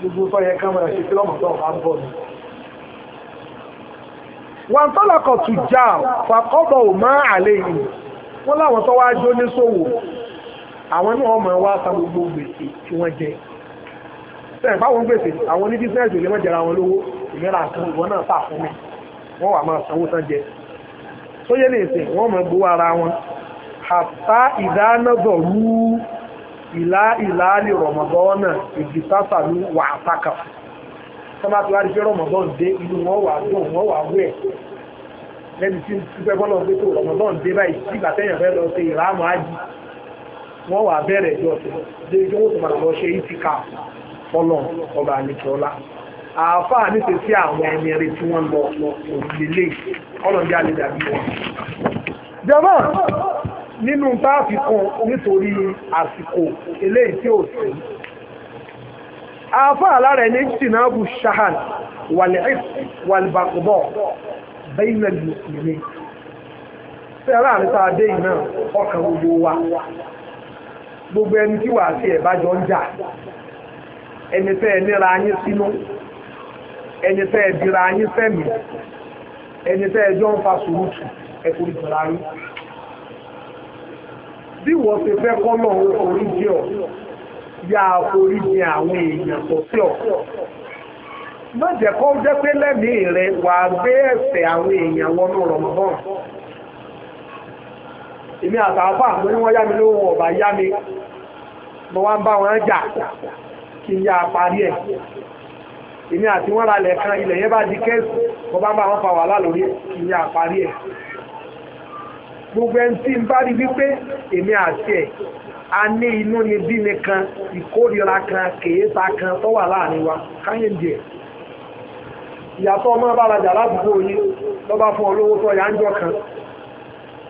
gbogbo tó yẹ ká máa ṣe kí lọ́mọ tó wà ń bọ̀ ni. wọn tọ́lọ̀kọ̀ tù já fàkọ́bọ̀ ò má àlẹ́ yìí wọ́n láwọn tó wá jó níṣòwò àwọn náà wọ́n máa wá sa gbogbo gbèsè tí wọ́n jẹ sẹ́yìn fáwọn gbèsè àwọn oní bísíǹsì lè má jẹra wọn lówó ìlera àtúntò ìwọ náà tà fún mi wọ́n wà máa sanwó tán jẹ tó yẹ ní ìsìn wọ́n máa gbowó ara wọn àtà ìdánazọ̀ rú ìlà ìlà lè rọ̀mọ̀dọ́ náà ìdí sásà ló wà àtàkà sọ́mà tí wàá di pé rọ̀mọ̀dọ́ ń dé inú wọn wà dùn wọn wà wẹ̀ lẹ́ni tí pípẹ́ bọ́lọ̀ pé tó rọ̀mọ̀dọ́ ń dé báyìí tí ìgbà tẹ́yìn fẹ́ lọ ṣe ìrámọ̀ ájì wọ́n fọ́lọ̀ ọba àlejòọ́lá àáfàá ní tẹ̀sí àwọn ẹni rẹ̀ tí wọ́n lọ òrùlélé ọlọ́dẹ àlejàbí wọn. jọba nínú táàfì kan nítorí àsìkò eléyìí tí ò sí àáfàá lára ẹni tìǹbù shahan wàlẹ́ẹ̀f wàlẹ́bàkúbọ̀ bẹ́ẹ̀ náà lù mí sẹ́rà àríta adé náà ọkàn gbogbo wa gbogbo ẹni tí wàá sí ẹ̀ bá jọ ń jà ẹni tẹ́ ẹ níra yín sínú ẹni tẹ́ ẹ dira yín sẹ́mi ẹni tẹ́ ẹ jọ ń fa ẹ kò bí wọ́n ti fẹ́ kọ́ náà orí jẹ́ ọ yá orí jẹ àwọn èèyàn tó sí ọ jẹ́ pé lẹ́mìí rẹ wà gbé ẹ̀ṣẹ̀ àwọn èèyàn wọnú rọ̀mọ́bọ̀n èmi àtàwọn ọ̀bà yá mi mo wá jà kí n yá a parí ẹ̀ èmi àti wọ́n ralẹ̀ kan ilẹ̀ yẹn bá di kẹ́ẹ̀sì mo bá bá wọn fa wàhálà lórí kí n yá a parí ẹ̀ gbogbo ẹni tí n bá rí wípé èmi àti ẹ̀ a ní inú ni bí mi kan ìkórira kan kèéta kan tó wà láàrin wa káyọ̀dé ẹ̀ ìyàtọ̀ ọmọ bá rajà ládùúgbò yìí lọ́ba fún olówó tó yà ń jọ kan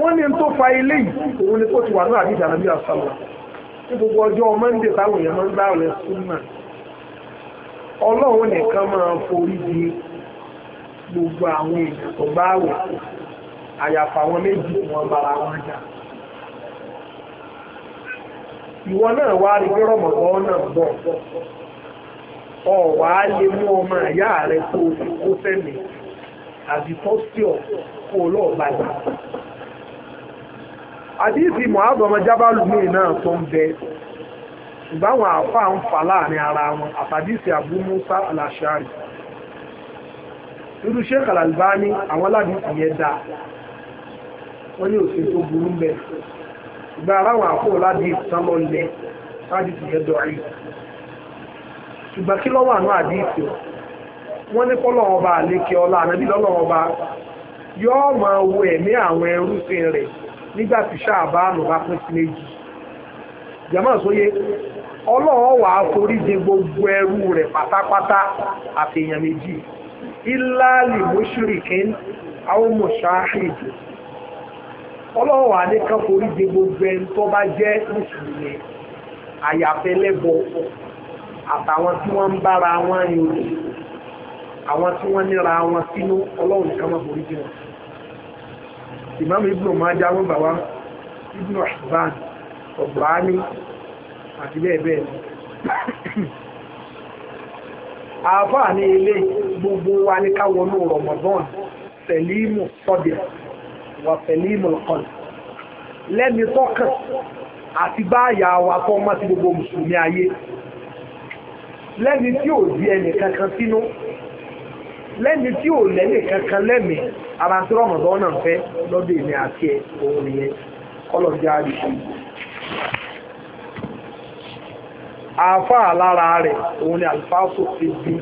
wọ́n ní tó fa ilé yìí òun ni kó ti wà ní àdìjà nàbí àsálà ní gbogbo ọjọ́ mọ́ndé táwọn èèyàn máa ń gbá rẹ̀ súnmà ọlọ́run nìkan máa forí di gbogbo àwọn èèyàn tó bá wẹ̀ àyàfà àwọn méjì wọn bára wọn jà ìwọ náà wá rí pé rọmọgbọ náà bọ ọ wá lè mú ọmọ ìyá rẹ kó o sì kó fẹmí àbí tọ́sí ọ kó o lọ́ọ̀ bàjẹ́ àdíìsì Mu'adh ọmọ Jabalu ní náà tó ń bẹ ìbáwọn àáfàá ń fà láàrin ara wọn àtàdíìsì Abu Musa al-Ash'ari irú Sheikh al-Albani àwọn aládìsì yẹn dáa wọ́n ní òsè tó burú ń bẹ ìgbà aráwọn àpò ládìsì tán lọ lẹ ládìsì yẹn dọ̀rí ṣùgbọ́n kí lọ́wọ́ àánú àdìsì wọ́n ní kọ́lọ́ ọba àlékè ọlá ànábì lọ́lọ́ ọba yọ́ọ́ máa wo ẹ̀mí àwọn ẹrúfin rẹ̀ nígbà tí ṣáàbáànù bá pín sí méjì jẹ́mọ̀ sóyè ọlọ́run wà á forí de gbogbo ẹrú rẹ̀ pátápátá àtẹ̀yàn méjì ìlàlì mọ́ṣúrìkín àwọn mọ̀ṣáàhìdì ọlọ́run wà á ní ká de gbogbo ẹni tó bá jẹ́ mùsùlùmí àyàfẹ́lẹ́bọ àtàwọn tí wọ́n ń bára wọn yòrò àwọn tí wọ́n níra wọn sínú ọlọ́run nìkan máa forí wọn ìmáàmù ibùdó máa já wọ́n bà wá ibùdó ìbáàn ọ̀gbáání àti bẹ́ẹ̀ bẹ́ẹ̀ àáfàá ní ilé gbogbo wa ní káwọnú rọmọdán sẹlímù sọdẹ wà sẹlímù kọlù lẹ́ni tọ́kàn àti báyà wa tó mọ́ sí gbogbo mùsùlùmí ayé lẹ́ni tí ò di ẹnì kankan sínú lẹ́ni tí ò lẹ́ni kankan lẹ́mí ara tí rọmọdọ́ náà fẹ́ lọ́dọ̀ èmi àti ẹ̀ òun nìyẹn kọ́lọ̀ jẹ́ àríṣe. àáfà rẹ̀ òun ni àlùfáàsò ti bí.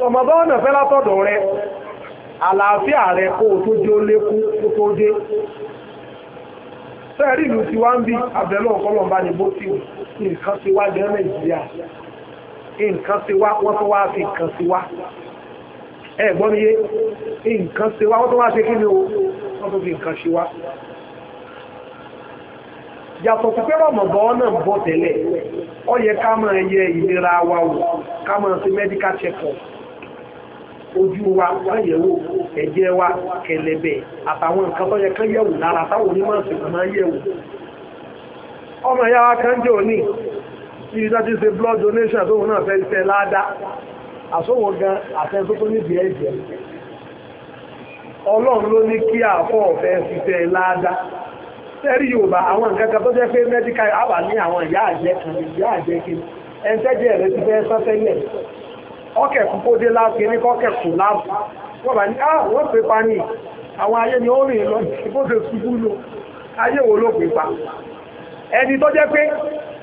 rọmọdọ́ náà fẹ́ látọ̀dọ̀ rẹ àlàáfíà rẹ kó o tó dé ó lékún kó tó dé. sẹ́ẹ̀rì ìlú ti wá ń bí abẹ́lẹ́ ọ̀kọ́lọ́mbá ni bó ti wù nǹkan ti wá jẹ́ nàìjíríà nǹkan ti wá wọ́n tó wá fi nǹkan ti wá ẹ̀gbọ́n mi yé nǹkan ṣe wá wọ́n tó wá ṣe kí ni o wọ́n tó fi nǹkan ṣe yẹ ìlera wa wò ká máa ṣe ojú wa wáyẹ̀wò wa kẹlẹ̀bẹ̀ àtàwọn nǹkan tó yẹ yẹ̀wò lára táwọn onímọ̀ yẹ̀wò ọmọ ìyá wa kan jẹ́ òní tí ṣe blood donation tóun náà fẹ́ àsọ̀wọ̀ gan àtẹ́só tó níbi ẹ̀jẹ̀ ọlọ́run ló ní kí àfọ́ ọ̀fẹ́ fìfẹ́ láàdá sẹ́rí yorùbá àwọn nǹkan kan tó jẹ́ pé mẹ́díkà àwà ní àwọn ìyá àjẹ́ kan ìyá àjẹ́ kí ẹ̀ńtẹ́jẹ́ rẹ ti fẹ́ sọ tẹ́lẹ̀ ọkẹ̀ kúkó dé ah wọ́n pè pa ní àwọn ayé ni ó rìn lọ ìbóde ṣubú ẹni tó jẹ́ pé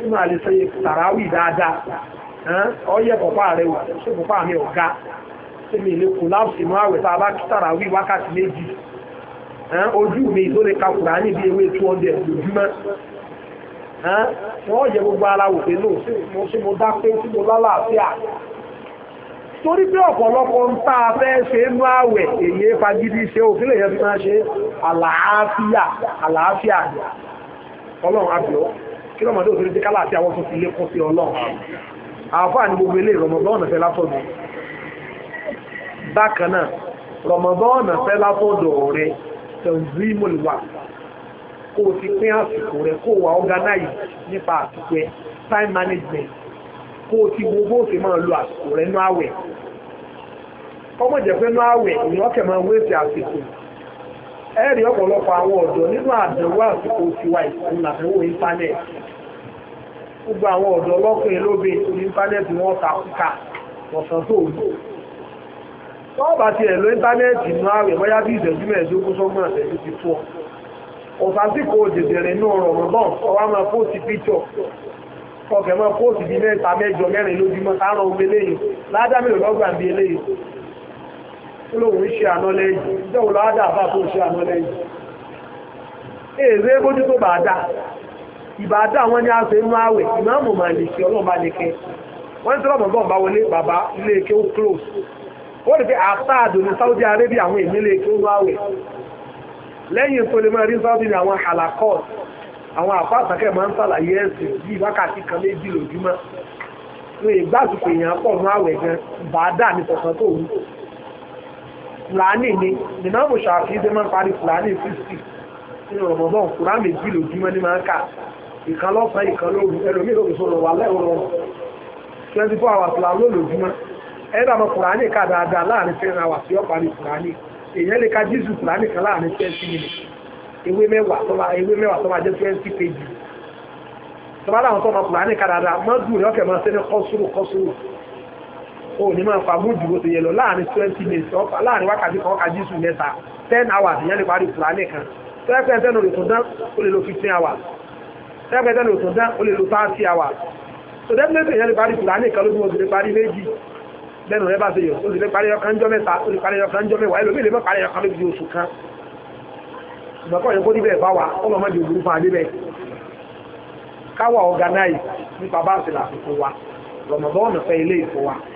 nínú àlèsè tàràwì dáadáa ọyẹ pọ̀pá rẹ̀ wò ṣé pọ̀pá mi ò ga ṣé mi lè kòláàsì mọ́ àwẹ̀ tá a bá tàràwì wákàtí méjì ojú mi tó lè ka Kùránì bí ewé two hundred lójúmọ́ wọ́n yẹ gbogbo ara wò pé lò ṣé mo dá pé tí mo lálàáfíà torí pé ọ̀pọ̀lọpọ̀ ń tá a fẹ́ ṣe ń bá àwẹ̀ èyí fagídí ṣe òfin lè yẹ fi máa ṣe àlàáfíà àlàáfíà ọlọ́run àbíọ́ kí lọ́mọdé òfin ti kálá àti àwọn tó fi lé kún sí ọlọ́run àáfàá ni gbogbo ilé rọmọdọ́ọ̀nà fẹ́ látọ̀dọ̀ bákan náà rọmọdọ́ọ̀nà fẹ́ látọ̀dọ̀ rẹ tẹ̀síìmọ̀lùwà kó o ti pín àsìkò rẹ kó o wà organize nípa àsìkò ẹ time management kó o ti gbogbo òfin máa lo àsìkò rẹ nú àwẹ̀ ọmọ ìjẹ̀fẹ́ nú àwẹ̀ ìyọ́kẹ̀ máa wéèsì àsìkò ẹ̀rí ọ̀pọ̀lọpọ̀ àwọn ọdọ nínú àdánwò àsìkò tiwa ìsìn làbẹ̀wò íńtánẹ́ẹ̀tì gbogbo àwọn ọ̀dọ́ ọlọ́kùnrin lóbe ní íńtánẹ́ẹ̀tì wọn ta ọ̀sán tó wù. wọ́n bá tiẹ̀ lo inú bóyá bí ìṣẹ́jú mẹ́ẹ̀ẹ́dógún àtẹ̀jú ti tó ọ̀sásìkò dèdèrè inú Ramadan ọwọ́ máa póòtì olóhùn ṣe àná lẹ́yìn ìjọ́wòlọ́ àdàbà tó ṣe àná lẹ́yìn èrè bójú tó bá dá ìbàdá wọn a ṣe ṣe ọlọ́ọ̀bá lè kẹ́ wọ́n ń sọ́lọ́mọ̀ bọ́ọ̀ bá wọlé ní Arabia àwọn ìmílẹ̀ ike lẹ́yìn tó lè máa rí ní àwọn halakọ́t àwọn ń sàlàyé ẹ̀sìn kan méjì èèyàn pọ̀ fúlàní ni ìnáwó ṣàfihàn máa ń parí fúlàní fifty nínú ọ̀mọ̀mọ́ kúrá méjì lójúmọ́ ní máa ń kà ìkan lọ́sàn-án ìkan lóru ẹlòmíì lóru sọ̀rọ̀ wà lẹ́wọ̀n twenty four hours la ló lójúmọ́ ẹ̀rọ àwọn kùránì ká dáadáa láàrin ten hours yóò parí kùránì èèyàn lè ka jésù kùránì kan láàrin twenty minutes ewé mẹ́wàá tó bá ewé mẹ́wàá tó o ní máa fàmú ju bó ti yẹ lọ láàrin twenty minutes ọ̀pá láàrin wákàtí kan ọ̀kà jísù mẹ́ta ten hours ìyẹn lè parí fúlàní kan tẹ́pẹ́ tẹ́nu rẹ̀ tó dán ó lè lo fifteen hours tẹ́pẹ́ tẹ́nu rẹ̀ tó dán ó lè lo thirty hours so definitely ìyẹn lè parí fúlàní kan lójú oṣù lè parí méjì lẹ́nu rẹ̀ bá ṣe yọ oṣù lè parí ọkàn jọ mẹ́ta ó lè parí ọkàn jọ mẹ́wàá ẹlòmíì lè má parí ọkàn lójú oṣù kan ṣùgbọ́n kọ́ ìyẹ́kó níbẹ̀ bá wa ọlọ́mọdé òbúrú fún adébẹ̀ káwa organize nípa bá ṣe làkùkù wa rọmọbọ́ọ̀nù fẹ́ ilé ìfowópamọ́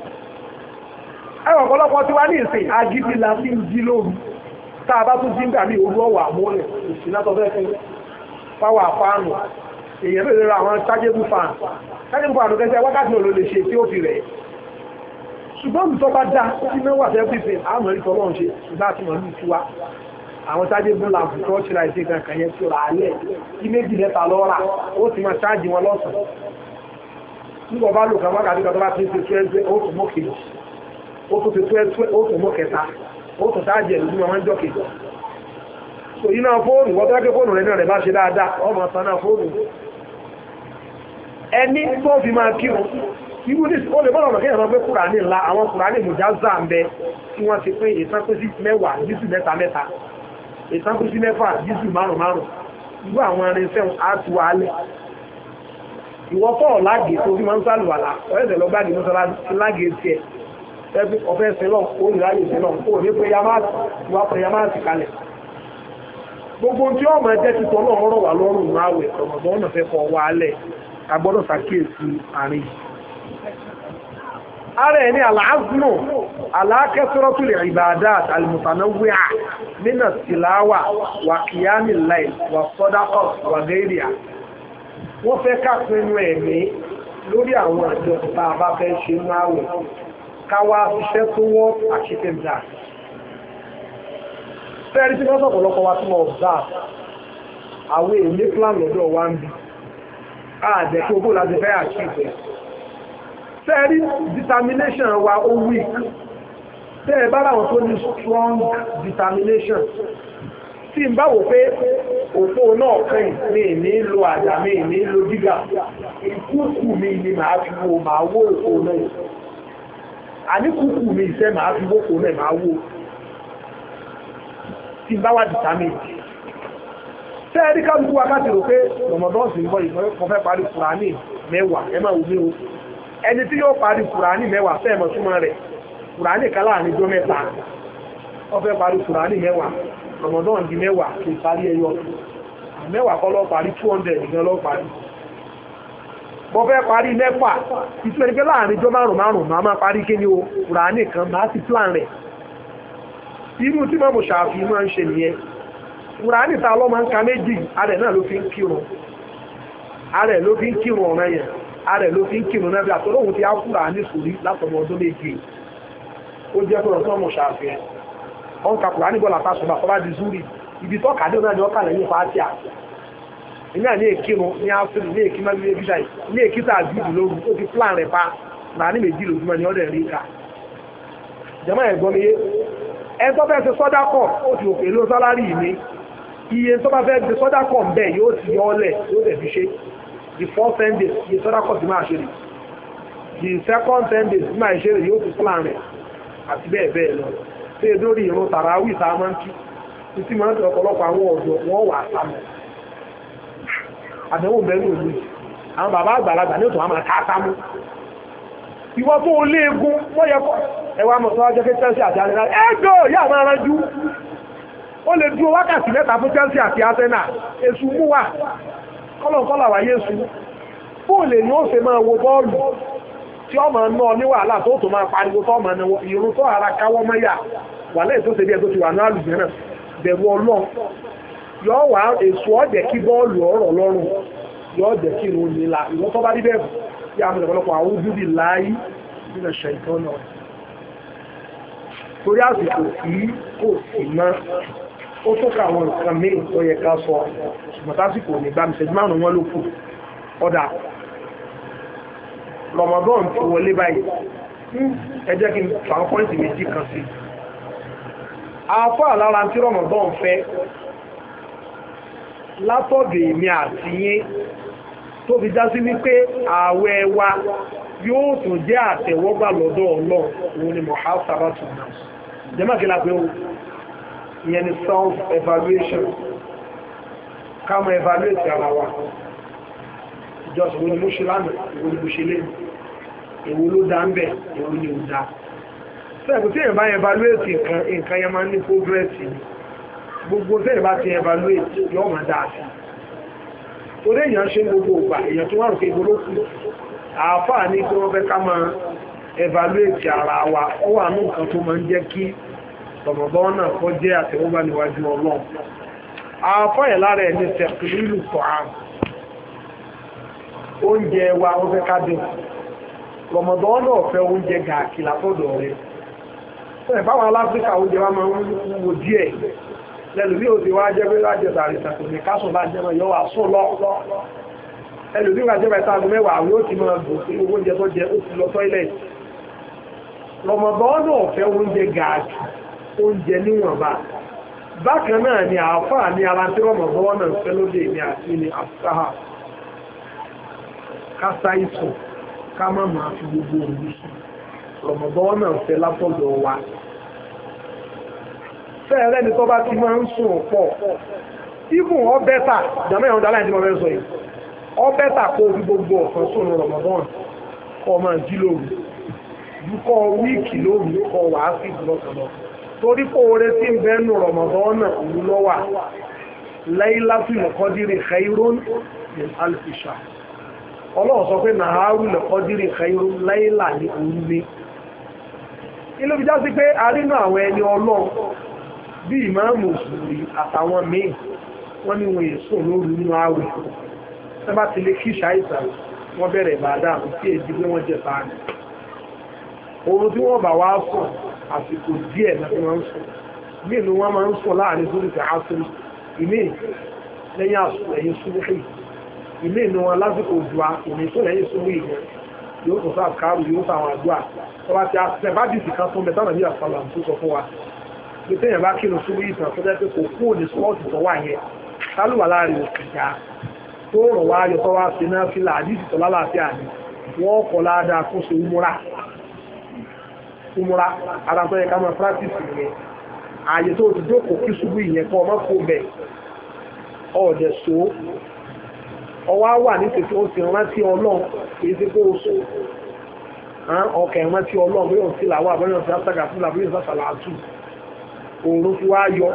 ẹwọ̀n ọ̀pọ̀lọpọ̀ tí wá ní ìsìn agídí la fi ń jí lóru tá a bá tún jí ń gbà ní òru ọ̀wà mọ́lẹ̀ òṣìlá tó fẹ́ fẹ́ fáwà fáànù èèyàn lè ra àwọn tájébù fáànù tájébù fáànù kẹsẹ̀ wákàtí òòlù lè ṣe tí ó fi rẹ̀ ṣùgbọ́n mi tó bá dá tí náà wà fẹ́ pípé àmọ́ rí tọ́lọ́ ń ṣe ìgbà tí wọ́n ní ìtura àwọn tájébù làǹfù tó ṣe ra ìṣe kankan yẹn tí ó rà á lẹ̀ kí méjì lẹ́ta lọ́ra ó ti máa ṣáàjì wọn lọ́sàn-án nígbà bá lò kan wákàtí kan tó bá ti ń ṣe twenty ó tún mọ́ kejì ó tún ti twelve twelve ó tún mọ́ kẹta ó tún táàjì ẹ̀lú mímọ́ wọn jọ kejì so yìí náà fóònù wọ́n tẹ́lẹ̀ fóònù rẹ̀ náà rẹ̀ bá ṣe dáadáa ọmọ san náà fóònù ẹni tó fi máa kí wọn irú ní ó lè bọ́lá ọ̀nà kéèyàn lọ pé kùránì ńlá àwọn kùránì mùjáza ń bẹ tí wọ́n ti pé ìtàkùsí mẹ́wàá jésù mẹ́ta mẹ́ta ìtàkùsí mẹ́fà jésù márùn márùn irú àwọn irinṣẹ́ àtúwálẹ̀ ìwọ́pọ̀ lágè tó fi máa ń sálùwàlà ọ̀rẹ́dẹ̀ lọ́gbàdì mọ́sálásí lágè tiẹ̀ ẹbí ọ̀fẹ́ sílọ̀ olùráyè sílọ̀ kò ní pé yamá pé yamá sì kalẹ̀ gbogbo tí ọmọ ẹjẹ́ ti tọ́lọ̀ ọ̀rọ̀ wà lọ́rùn ráwẹ̀ ọ̀mọ̀gbọ́n ọ̀nà fẹ́ kọ́ wa alẹ̀ agbọ́dọ̀ sàkíyèsí àárín ara ẹni àlàázùnù àlàákẹ́sọ́rọ́tù lè ìbàdà àlùmùsànáwíà nínà tìláwà wà kìíyàmì láì wà sọ́dákọ̀ wà gẹ́rìà wọ́n fẹ́ ká pinnu ẹ̀mí lórí àwọn àjọ káwá ṣiṣẹ́ towards achieving that fẹ́ẹ̀rí tí wọ́n sọ̀pọ̀lọpọ̀ wa tí wọ́n observe àwọn èlé plan lọ́dọ̀ wa ń bí ààdẹ̀ tó gbó láti fẹ́ àkíyèsí fẹ́ẹ̀rí determination wa ó weak bẹ́ẹ̀ bá láwọn tó ní strong determination tí n bá wò pé òfò náà kẹ́yìn mi ní lo àdá mi ní lo dígà ìkúùkù mi ni màá fi wo màá wó òfò náà àníkùkù mi ìṣẹ́ màá fi wókò náà màá wò tí bá wà determined tẹ́ ẹ̀rí kálukú wa káti rò pé rọmọdún sì ń bọ̀ ìmọ̀ kan fẹ́ parí kùránì mẹ́wàá ẹ máa wù mí o ẹni tí yóò parí kùránì mẹ́wàá fẹ́ mọ̀ súnmọ́ rẹ̀ kùránì kan láàrin ijọ́ mẹ́ta ó fẹ́ parí kùránì mẹ́wàá rọmọdún di mẹ́wàá kì í parí ẹyọ mẹ́wàá kọ́ lọ́ọ́ parí two hundred ìgbẹ́ lọ́ọ́ parí mo fẹ́ parí mẹ́fà ìtumọ̀ ni pé láàrin ma márùn márùn màá máa parí kí ni o rà nìkan màá ti plan rẹ̀ inú tí mọ̀mù ṣàfi máa ń ṣe nìyẹn kùránì ta lọ́ ń ka méjì arẹ̀ náà ló fi ń kírun arẹ̀ ló fi ń kírun yẹn ló fi ń kírun náà bí àtọ́lọ́ ti á ọdún méje ó jẹ́ ibi ilé àní èkírun ní áfírí ní èkí mẹ́rin ní ebíṣà ní èkí tàbí ìlógún ó ti plan rẹ̀ pa màá ní méjì lójúmọ́ ni ọ̀dẹ̀ rí ká jẹ́mọ́ ẹ̀ gbọ́n mi yé ẹ tó fẹ́ ṣe sọ́dá kọ̀ ó ti òkè ló sálárì mi iye tó bá fẹ́ ṣe sọ́dá kọ̀ ń bẹ̀ yóò ti yọ ọ́lẹ̀ yóò dẹ̀ fi ṣe the first ten days iye sọ́dá kọ̀ ti máa ṣe rè the second ten days ti máa ṣe rè yóò ti plan rẹ̀ àti bẹ́ẹ̀ bẹ́ẹ̀ lọ ṣé lórí ìrún tàràwì tá a máa ń kí títí máa ń tẹ ọ̀pọ̀lọpọ̀ àwọn ọ̀dọ́ wọn àtẹ̀wò bẹ́ẹ̀ ní òní àwọn bàbá àgbàlagbà ní òtún àmà káàkámú ìwọ tó lé egun wọ́n yẹ kọ́ ẹwà mọ̀ tó wájọ́ pé Chelsea àti Arsenal ẹgbẹ́ òyà àwọn arájú ó lè dúró wákàtí mẹ́ta fún Chelsea àti Arsenal èsù mú wà kọ́lọ̀kọ́lọ̀ wà yéṣu bóòlè ni ó ṣe máa wo bọ́ọ̀lù tí ọmọ náà ní wàhálà tó tó máa pariwo tó ọmọ ní irun tó ara káwọ́ mọ́yà wà lẹ́yìn tó ṣe bí ti wà ní àlùjẹ́ náà bẹ̀rù ọlọ́run yọ wá èso ọ̀jẹ̀ kí bọ́ọ̀lù ọ̀rọ̀ lọ́rùn yọ ọ̀jẹ̀ kí irun nílà ìwọ́n tó bá rí bẹ́ẹ̀ bí àwọn ọ̀pọ̀lọpọ̀ àwọn ojú bíi láàyè nínú ẹ̀ṣẹ̀ ìtọ́ náà torí àsìkò tí kò sí mọ́ ó tó ka àwọn nǹkan míì tó yẹ ká sọ ṣùgbọ́n tásìkò ní bá mi ṣẹ́jú márùn-ún wọn ló kù ọ̀dà Ramadan ti wọlé báyìí ẹ jẹ́ kí n fà á pọ́ìntì méjì kan sí àáfà lára látọ̀dọ̀ èmi àti yín tó fi já sí wípé ààwẹ̀ wa yóò tún jẹ́ àtẹ̀wọ́gbà lọ́dọ̀ ọlọ́run òun ni muhasabatu nas jẹ́mọ̀kìlá pé o ìyẹn ni self evaluation ká evaluate ara wa ìjọsìn wo ni mo ṣe lánàá ìwo ni mo ṣe lẹ́nu èwo ló dá ń bẹ̀ èwo ni ò dá sẹ́ẹ̀kù tí èèyàn evaluate nǹkan yẹn máa ń ní progress yìí gbogbo bẹ́ẹ̀ bá ti evaluate yọ́ ma dáadáa torí èèyàn ṣe gbogbo ògbà èèyàn tó wà rò pé ìgbólókù àáfàá ní tí wọ́n fẹ́ ká máa evaluate ara wa ó wà ní nǹkan tó máa ń jẹ́ kí tọ̀mọ̀bọ́ náà kọ́ jẹ́ àtẹ̀wọ́gbà níwájú ọlọ́run àáfàá ẹ̀ lára ẹ̀ ní tẹ̀kìlìlù tọ̀hán oúnjẹ wa wọ́n fẹ́ ká dùn tọ̀mọ̀bọ́ náà fẹ́ oúnjẹ gàkìlà tọ̀dọ̀ rẹ̀ fún báwọn aláfíríkà oúnjẹ wa máa ń wò díẹ̀ lẹ́lùmí ò ti wá jẹ́ pé láti ẹ̀sà àrìsàn kò ní kásùn bá jẹ́ mọ́ yọ wà sùn lọ ẹlùmí wà jẹ́ pé táàgù mẹ́wàá àwọn yóò ti máa bò sí owó oúnjẹ tó jẹ ó ti lọ tọ́ílẹ̀ rọmọbọ́ọ̀nù ọ̀fẹ́ oúnjẹ gààjù oúnjẹ níwọ̀nba bákan náà ni àáfàá ní ara tí rọmọbọ́ọ̀nù ọ̀fẹ́ lóde ìní àti ní àfúráhà kásá ìsùn ká má máa fi gbogbo òru sùn rọmọbọ́ọ̀nù ọ̀fẹ́ látọ̀dọ̀ wa fẹ́ẹ̀rẹ́ ni tó bá ti máa ń sùn pọ̀ even ọ bẹ́tà jàmẹ́ ìhàn dáláì tí mo fẹ́ sọ yìí ọ bẹ́tà kó orí gbogbo ọ̀kan sùn ní Ramadan kọ́ máa jí lóru dukọ́ wíìkì lóru kọ́ wàá sí ìdúlọ́kọ̀lọ́ torí kó oore tí ń bẹ́ nù Ramadan náà òun lọ wà láìláfì lọ́kọ́dírì khairun ní alfisha ọlọ́run sọ pé nàárù lọ́kọ́dírì khairun láìlà ní òun ní ilé ìjásí pé àrínú àwọn ẹni ọlọ́run bí ìmáàmù òṣùwì àtàwọn míì wọ́n ní wọn èso lóru nínú àwẹ̀ tẹ́ bá ti lè kí ṣáìsà wọ́n bẹ̀rẹ̀ ìbàdà àti èdè pé wọ́n jẹ sáàni oorun tí wọ́n bá wá sùn àsìkò díẹ̀ náà wọ́n ń sùn mílùú wọn máa ń sùn láàrin sórí ti àásùn ìmí lẹ́yìn àsùn ẹ̀yìn súnmùkì ìmí ìnú wọn lásìkò òdùà ìmí sùn lẹ́yìn súnmù ìgbẹ́ yóò sọ sáà kárù yóò sọ àwọn àdúrà tọ́ba ti àṣẹ bá dìsì kan fún mẹ́tàlá ní àṣàlà tó sọ fún wa pé téèyàn bá kírun súnmú ìtàn tó jẹ́ pé kò kú òní sọ́ọ̀tì tó wà yẹn sálùwà láàrin òkè já tó rọ̀ wá ayọ̀ tó wá sí náà fi làdí ìtàn lálàáfíà ni wọ́n kọ̀ ládàá kó ṣe umura umura ara tó yẹ ká máa practice yẹn ààyè tó ti jókòó kí ṣubú ìyẹn kan ọmọ kò bẹ̀ ọ̀dẹ̀ so ọwọ́ wà ní tètè ó sì rántí ọlọ́run kìí ṣe pé ó so ọkẹ̀ rántí ọlọ́run bóyá òsì làwọ̀ àbóyá òsì àtàgà fúlà bóyá òsì àtàlà àtù òun ló fi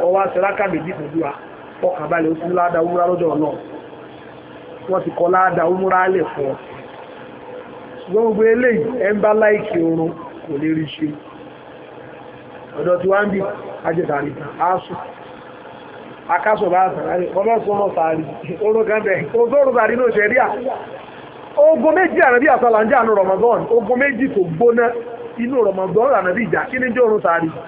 ọwá sẹ́ráká méjì pẹ̀lú wa ọkàn balẹ̀ ó náà wọ́n ti kọ lẹ̀ fún ọ ṣùgbọ́n gbogbo eléyìí oorun kò lè rí ṣe ọ̀dọ̀ tí wá ń bí ajẹ́sàrí aṣù akásọ̀ bá sàárì sàárì sàárì à ogun méjì àrẹ́bí ń jẹ́ àánú Ramadan ogun méjì tó gbóná inú Ramadan àrẹ́bí ìjà kí jẹ́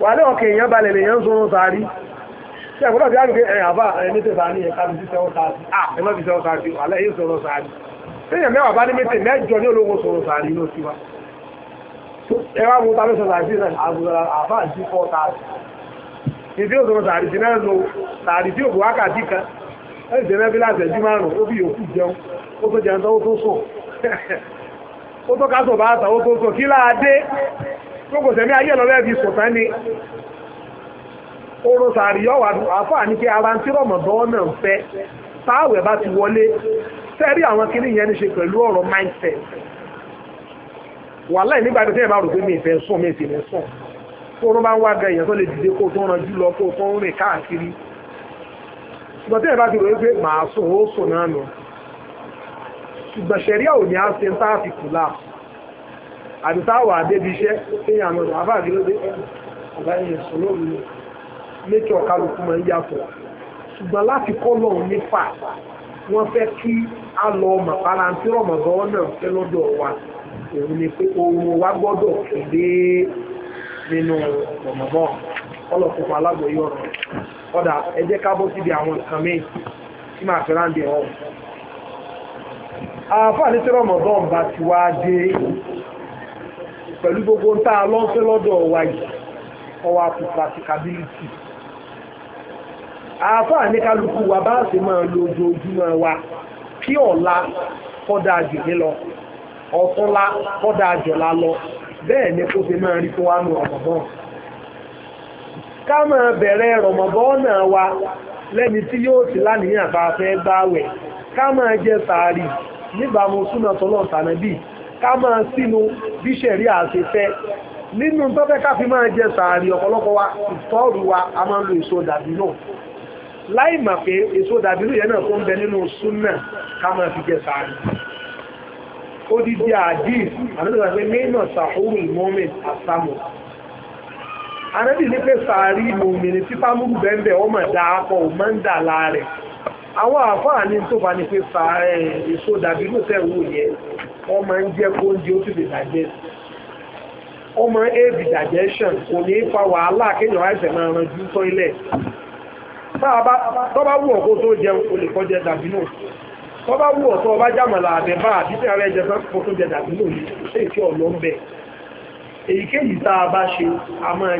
wà lé ọkẹ̀ èèyàn balẹ̀ lèèyàn ń sunrun sàárì tí ẹ̀kọ́ bí àgbẹ̀ ẹ̀yìn àbá ẹ̀yìn mẹ́tẹ̀ sàárì ẹ̀ka bí sísẹ́wọ́ sàárì à ẹ̀ má bí sẹ́wọ́ sàárì wà lẹ́ yín sunrun sàárì téèyàn mẹ́wàá bá ní mẹ́tẹ̀ mẹ́jọ ní ológun sunrun sàárì ló sí wa ẹ wá mú tàbí sunrun sàárì náà àgùnrà àbá àti fọ́ sàárì ìdí òsunrun sàárì ti náà lo sàárì tí òkú wákàtí kan ẹ̀sì tẹ̀lé bí láti ẹ̀jú márùn-ún ó bí yòókù jẹun ó lókò tẹ̀mí ayé lọ́lẹ́ fi sọ̀tán ni oorun sàárì yọ̀ wà àfáà ní pé ara tí rọ̀mọ̀dọ́ náà ń fẹ́ táwẹ̀ bá ti wọlé sẹ́rí àwọn kìíní yẹn ní ṣe pẹ̀lú ọ̀rọ̀ mindset wà láì nígbà tí ẹ bá rò pé mi ìfẹ́ sùn mi ìfẹ́ sùn oorun bá ń wá gan èèyàn tó lè dìde kó tó ranjú lọ kó tó ń rìn káàkiri ṣùgbọ́n tí ẹ bá ti rò pé màá sùn ó sùn náà nù ṣùgbọ́n ṣẹ̀ríà ò ní á ṣe ń tá àfikù láàpù àbí táwà débi iṣẹ́ kéèyàn àmọ́ àbá àgbélódé àbáyẹn ìṣòro mi méjì ọ̀kálùkù máa ń yàtọ̀ ṣùgbọ́n láti kọ́ lọ́run nípa wọ́n fẹ́ kí á lọ màpára tí rọ̀mọ̀gán náà fẹ́ lọ́dọ̀ wa òun ni pé oorun wa gbọ́dọ̀ kéde nínú rọ̀mọ̀gán ọlọ́kùnkùn alágbòye ọ̀rọ̀ ọ̀dà ẹ jẹ́ ká bọ́ síbi àwọn nǹkan míì tí máa fẹ́ ráńdì ọ̀hún. àáfàá ní tí rọ̀mọ̀gán bá ti wá dé pẹ̀lú gbogbo tá a lọ́nfẹ́ lọ́dọ̀ wa yìí ọwọ́ àti practicability àáfàá ní kálukú wa bá ṣe máa lo ojoojúmọ́ wa kí ọ̀la kọ́dà jù ní lọ ọ̀tọ́lá kọ́dà jọ̀lá lọ bẹ́ẹ̀ ni kó ṣe máa rí tó wá nu Ramadan ká máa bẹ̀rẹ̀ Ramadan náà wa lẹ́ni tí yóò ti lánìyàn bá fẹ́ gbáwẹ̀ ká máa jẹ sàárì níbàámu súnà tọ́lọ̀ tànàbí ká máa sínú bí ṣẹ̀rí àṣẹ fẹ́ nínú tó fẹ́ ká fi máa jẹ sàárì ọ̀pọ̀lọpọ̀ wa ìtọ́rù wa a máa ń lo èso dàbí náà láì mà pé èso dàbí náà yẹn náà tó ń bẹ nínú súnà ká máa fi jẹ sàárì ó di di àdí àdúgbò pé mẹ́nà sàhóhù ìmọ́mìn àsámù anábì ní pé sàárì òmìnir tí fámúlù bẹ́ẹ̀ ọmọ dáapọ̀ ò máa ń dà láàrẹ̀ àwọn àfáà ní tó bá ní pé sàárì èso dàbí náà tẹ̀ wò yẹn Ọ ma ń jẹ́ ndị otu dị ti ọ digest ó máa ń aid digestion kò ní fa wàhálà kéèyàn ran ju ranjú tọ́ba wù ọ̀kọ́ tó jẹ tọ́ba wu ọ̀tọ́ ọba jàmọ̀lá àbẹ̀bá àbísí ara ẹ̀jẹ̀ tó jẹ dàbínú yìí ṣé ìṣe ọ̀lọ́ ń èyíkéyìí a bá ṣe a máa wà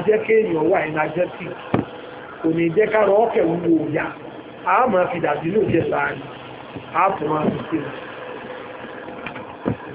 a máa fi jẹ sáà ní a máa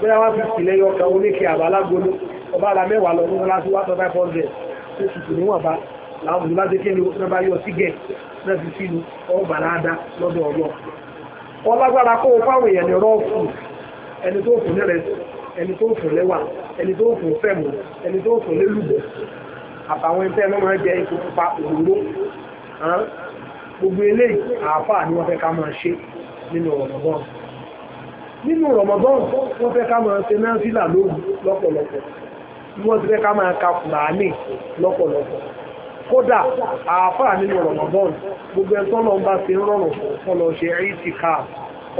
bóyá wọ́n fi sílẹ̀ yọ ọkàn oníkè àbálágbóni ọba ara mẹ́wàá lọ nínú láti wá tọ́ta ẹ̀fọ́ ọ̀dẹ̀ tó tutù níwọ̀n bá làwọn mùsùlùmá ti kéde náà bá yọ sí gẹ̀ náà fi sílu ọgbà láàdá lọ́dọ̀ ọ̀dọ̀ ọlágbára kó o fáwọn èèyàn ní rọ́ọ̀fù ẹni tó fún lẹ́rẹ̀ ẹni tó fún lẹ́wà ẹni tó fún fẹ́mù ẹni tó fún lélùbọ̀ àtàwọn ẹni tẹ́ẹ̀ máa jẹ ipò pupa òróró gbogbo eléyìí àáfàá ni wọ́n fẹ́ ká máa ṣe nínú ọ̀nà bọ́ọ̀lù nínú Ramadan wọ́n fẹ́ ká máa ṣe náfìlà lóru lọ́pọ̀lọpọ̀ wọ́n ti fẹ́ ká máa ka kùránì lọ́pọ̀lọpọ̀ kódà àáfàá nínú Ramadan gbogbo ẹ̀ tọ́lọ́ ń bá ṣe ń rọrùn fọlọ ṣe ẹ̀yìtì ká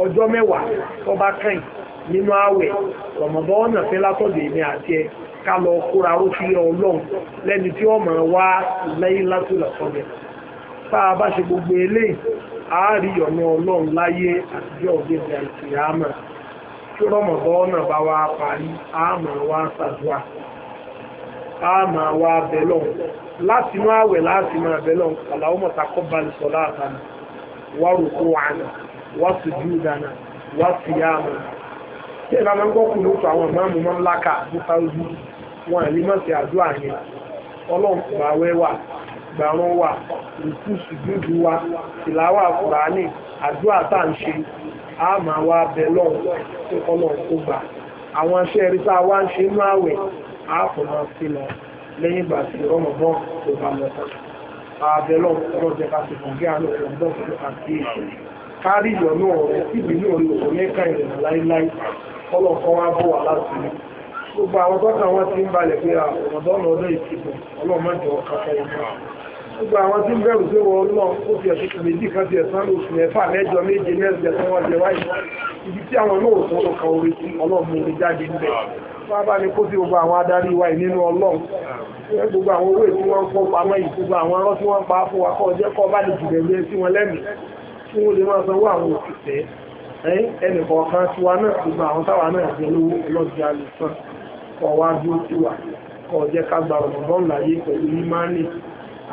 ọjọ́ mẹ́wàá tó bá kàn nínú ààwẹ̀ Ramadan náà fẹ́ látọ̀dọ̀ èmi àti ẹ ká lọ kóra ó sí ọlọ́run lẹ́ni tí wọ́n máa wá lẹ́yìn látòlà tá a bá ṣe gbogbo eléyìí àárí ọ̀nà ọlọ́run láyé àtijọ́ òde ìgbà ìsìn àmà tí rọmọbọ náà bá wá parí àmọ́ wá ṣàdúrà àmọ́ wá bẹlọ láti máa wẹ láti máa bẹlọ Allahumma taqabbal salatana wa ruku'ana wa sujudana wa siyamana tí ẹ bá máa ń gbọ́ kùnú tó àwọn ìmáàmù máa ń ní sáwùjú wọn àlè má ṣe àdúrà yẹn ọlọ́run kò bá wẹ́ wà gbàrún wà ìkú ṣùgbọ́n wa ìlàwà kùránì àdúrà tá à ń a wa wá bẹ lọ́wọ́ tó kọ́ lọ́wọ́ kó gbà àwọn aṣẹ́ rí sáà wá ń ṣe inú àwẹ̀ a kò máa fi lọ lẹ́yìn ìgbà tí rọmọbọ́n kò bá lọ sọ ààbẹ̀ lọ́wọ́ ọlọ́jẹ́ ká ti fún gíà lọ rọmọbọ́n tó àti èṣù kárí ìyọ̀nù ọ̀rẹ́ síbi ní orí òkò mẹ́ka ìrìnà láíláí kọ́lọ̀kọ́ wá bọ̀ wá láti rí gbogbo àwọn tọ́ka wọn ti ń balẹ̀ pé rọmọbọ́n ọdún ìtìbọ̀ ọlọ́mọdé ọkọ̀ ọkọ̀ gbogbo àwọn tí ń bẹ̀rù sí wọn náà ó fi ẹ̀sùn kan méjì kan ti ẹ̀sán ní oṣù mẹ́fà mẹ́jọ méje mẹ́sẹ̀ tó wọ́n jẹ wáyé ibi tí àwọn náà tó lọ kan orí sí ọlọ́run ní jáde níbẹ̀ wọ́n bá ní kó sí gbogbo àwọn adarí wa nínú ọlọ́run gbogbo àwọn owó tí wọ́n ń kó pamọ́ yìí gbogbo àwọn ọ̀rọ̀ tí wọ́n ń pa fún wa kọ́ jẹ́ kọ́ bá lè jùlẹ̀ lé sí wọn lẹ́mìí kí wọ́n lè máa sanwó àwọn òṣìṣẹ́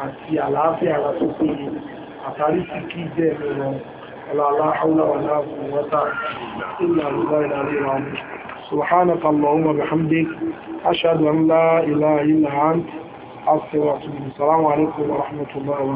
àti àlàáfíà ara tó péye àtàrí sí kí jẹ́ ìrọ̀ ọlọ́lá haúláwà náà kò wọ́ta ìlà ìlà ìlà ìlà سبحانك اللهم بحمدك أشهد أن لا إله إلا أنت أستغفرك السلام عليكم ورحمة الله وبركاته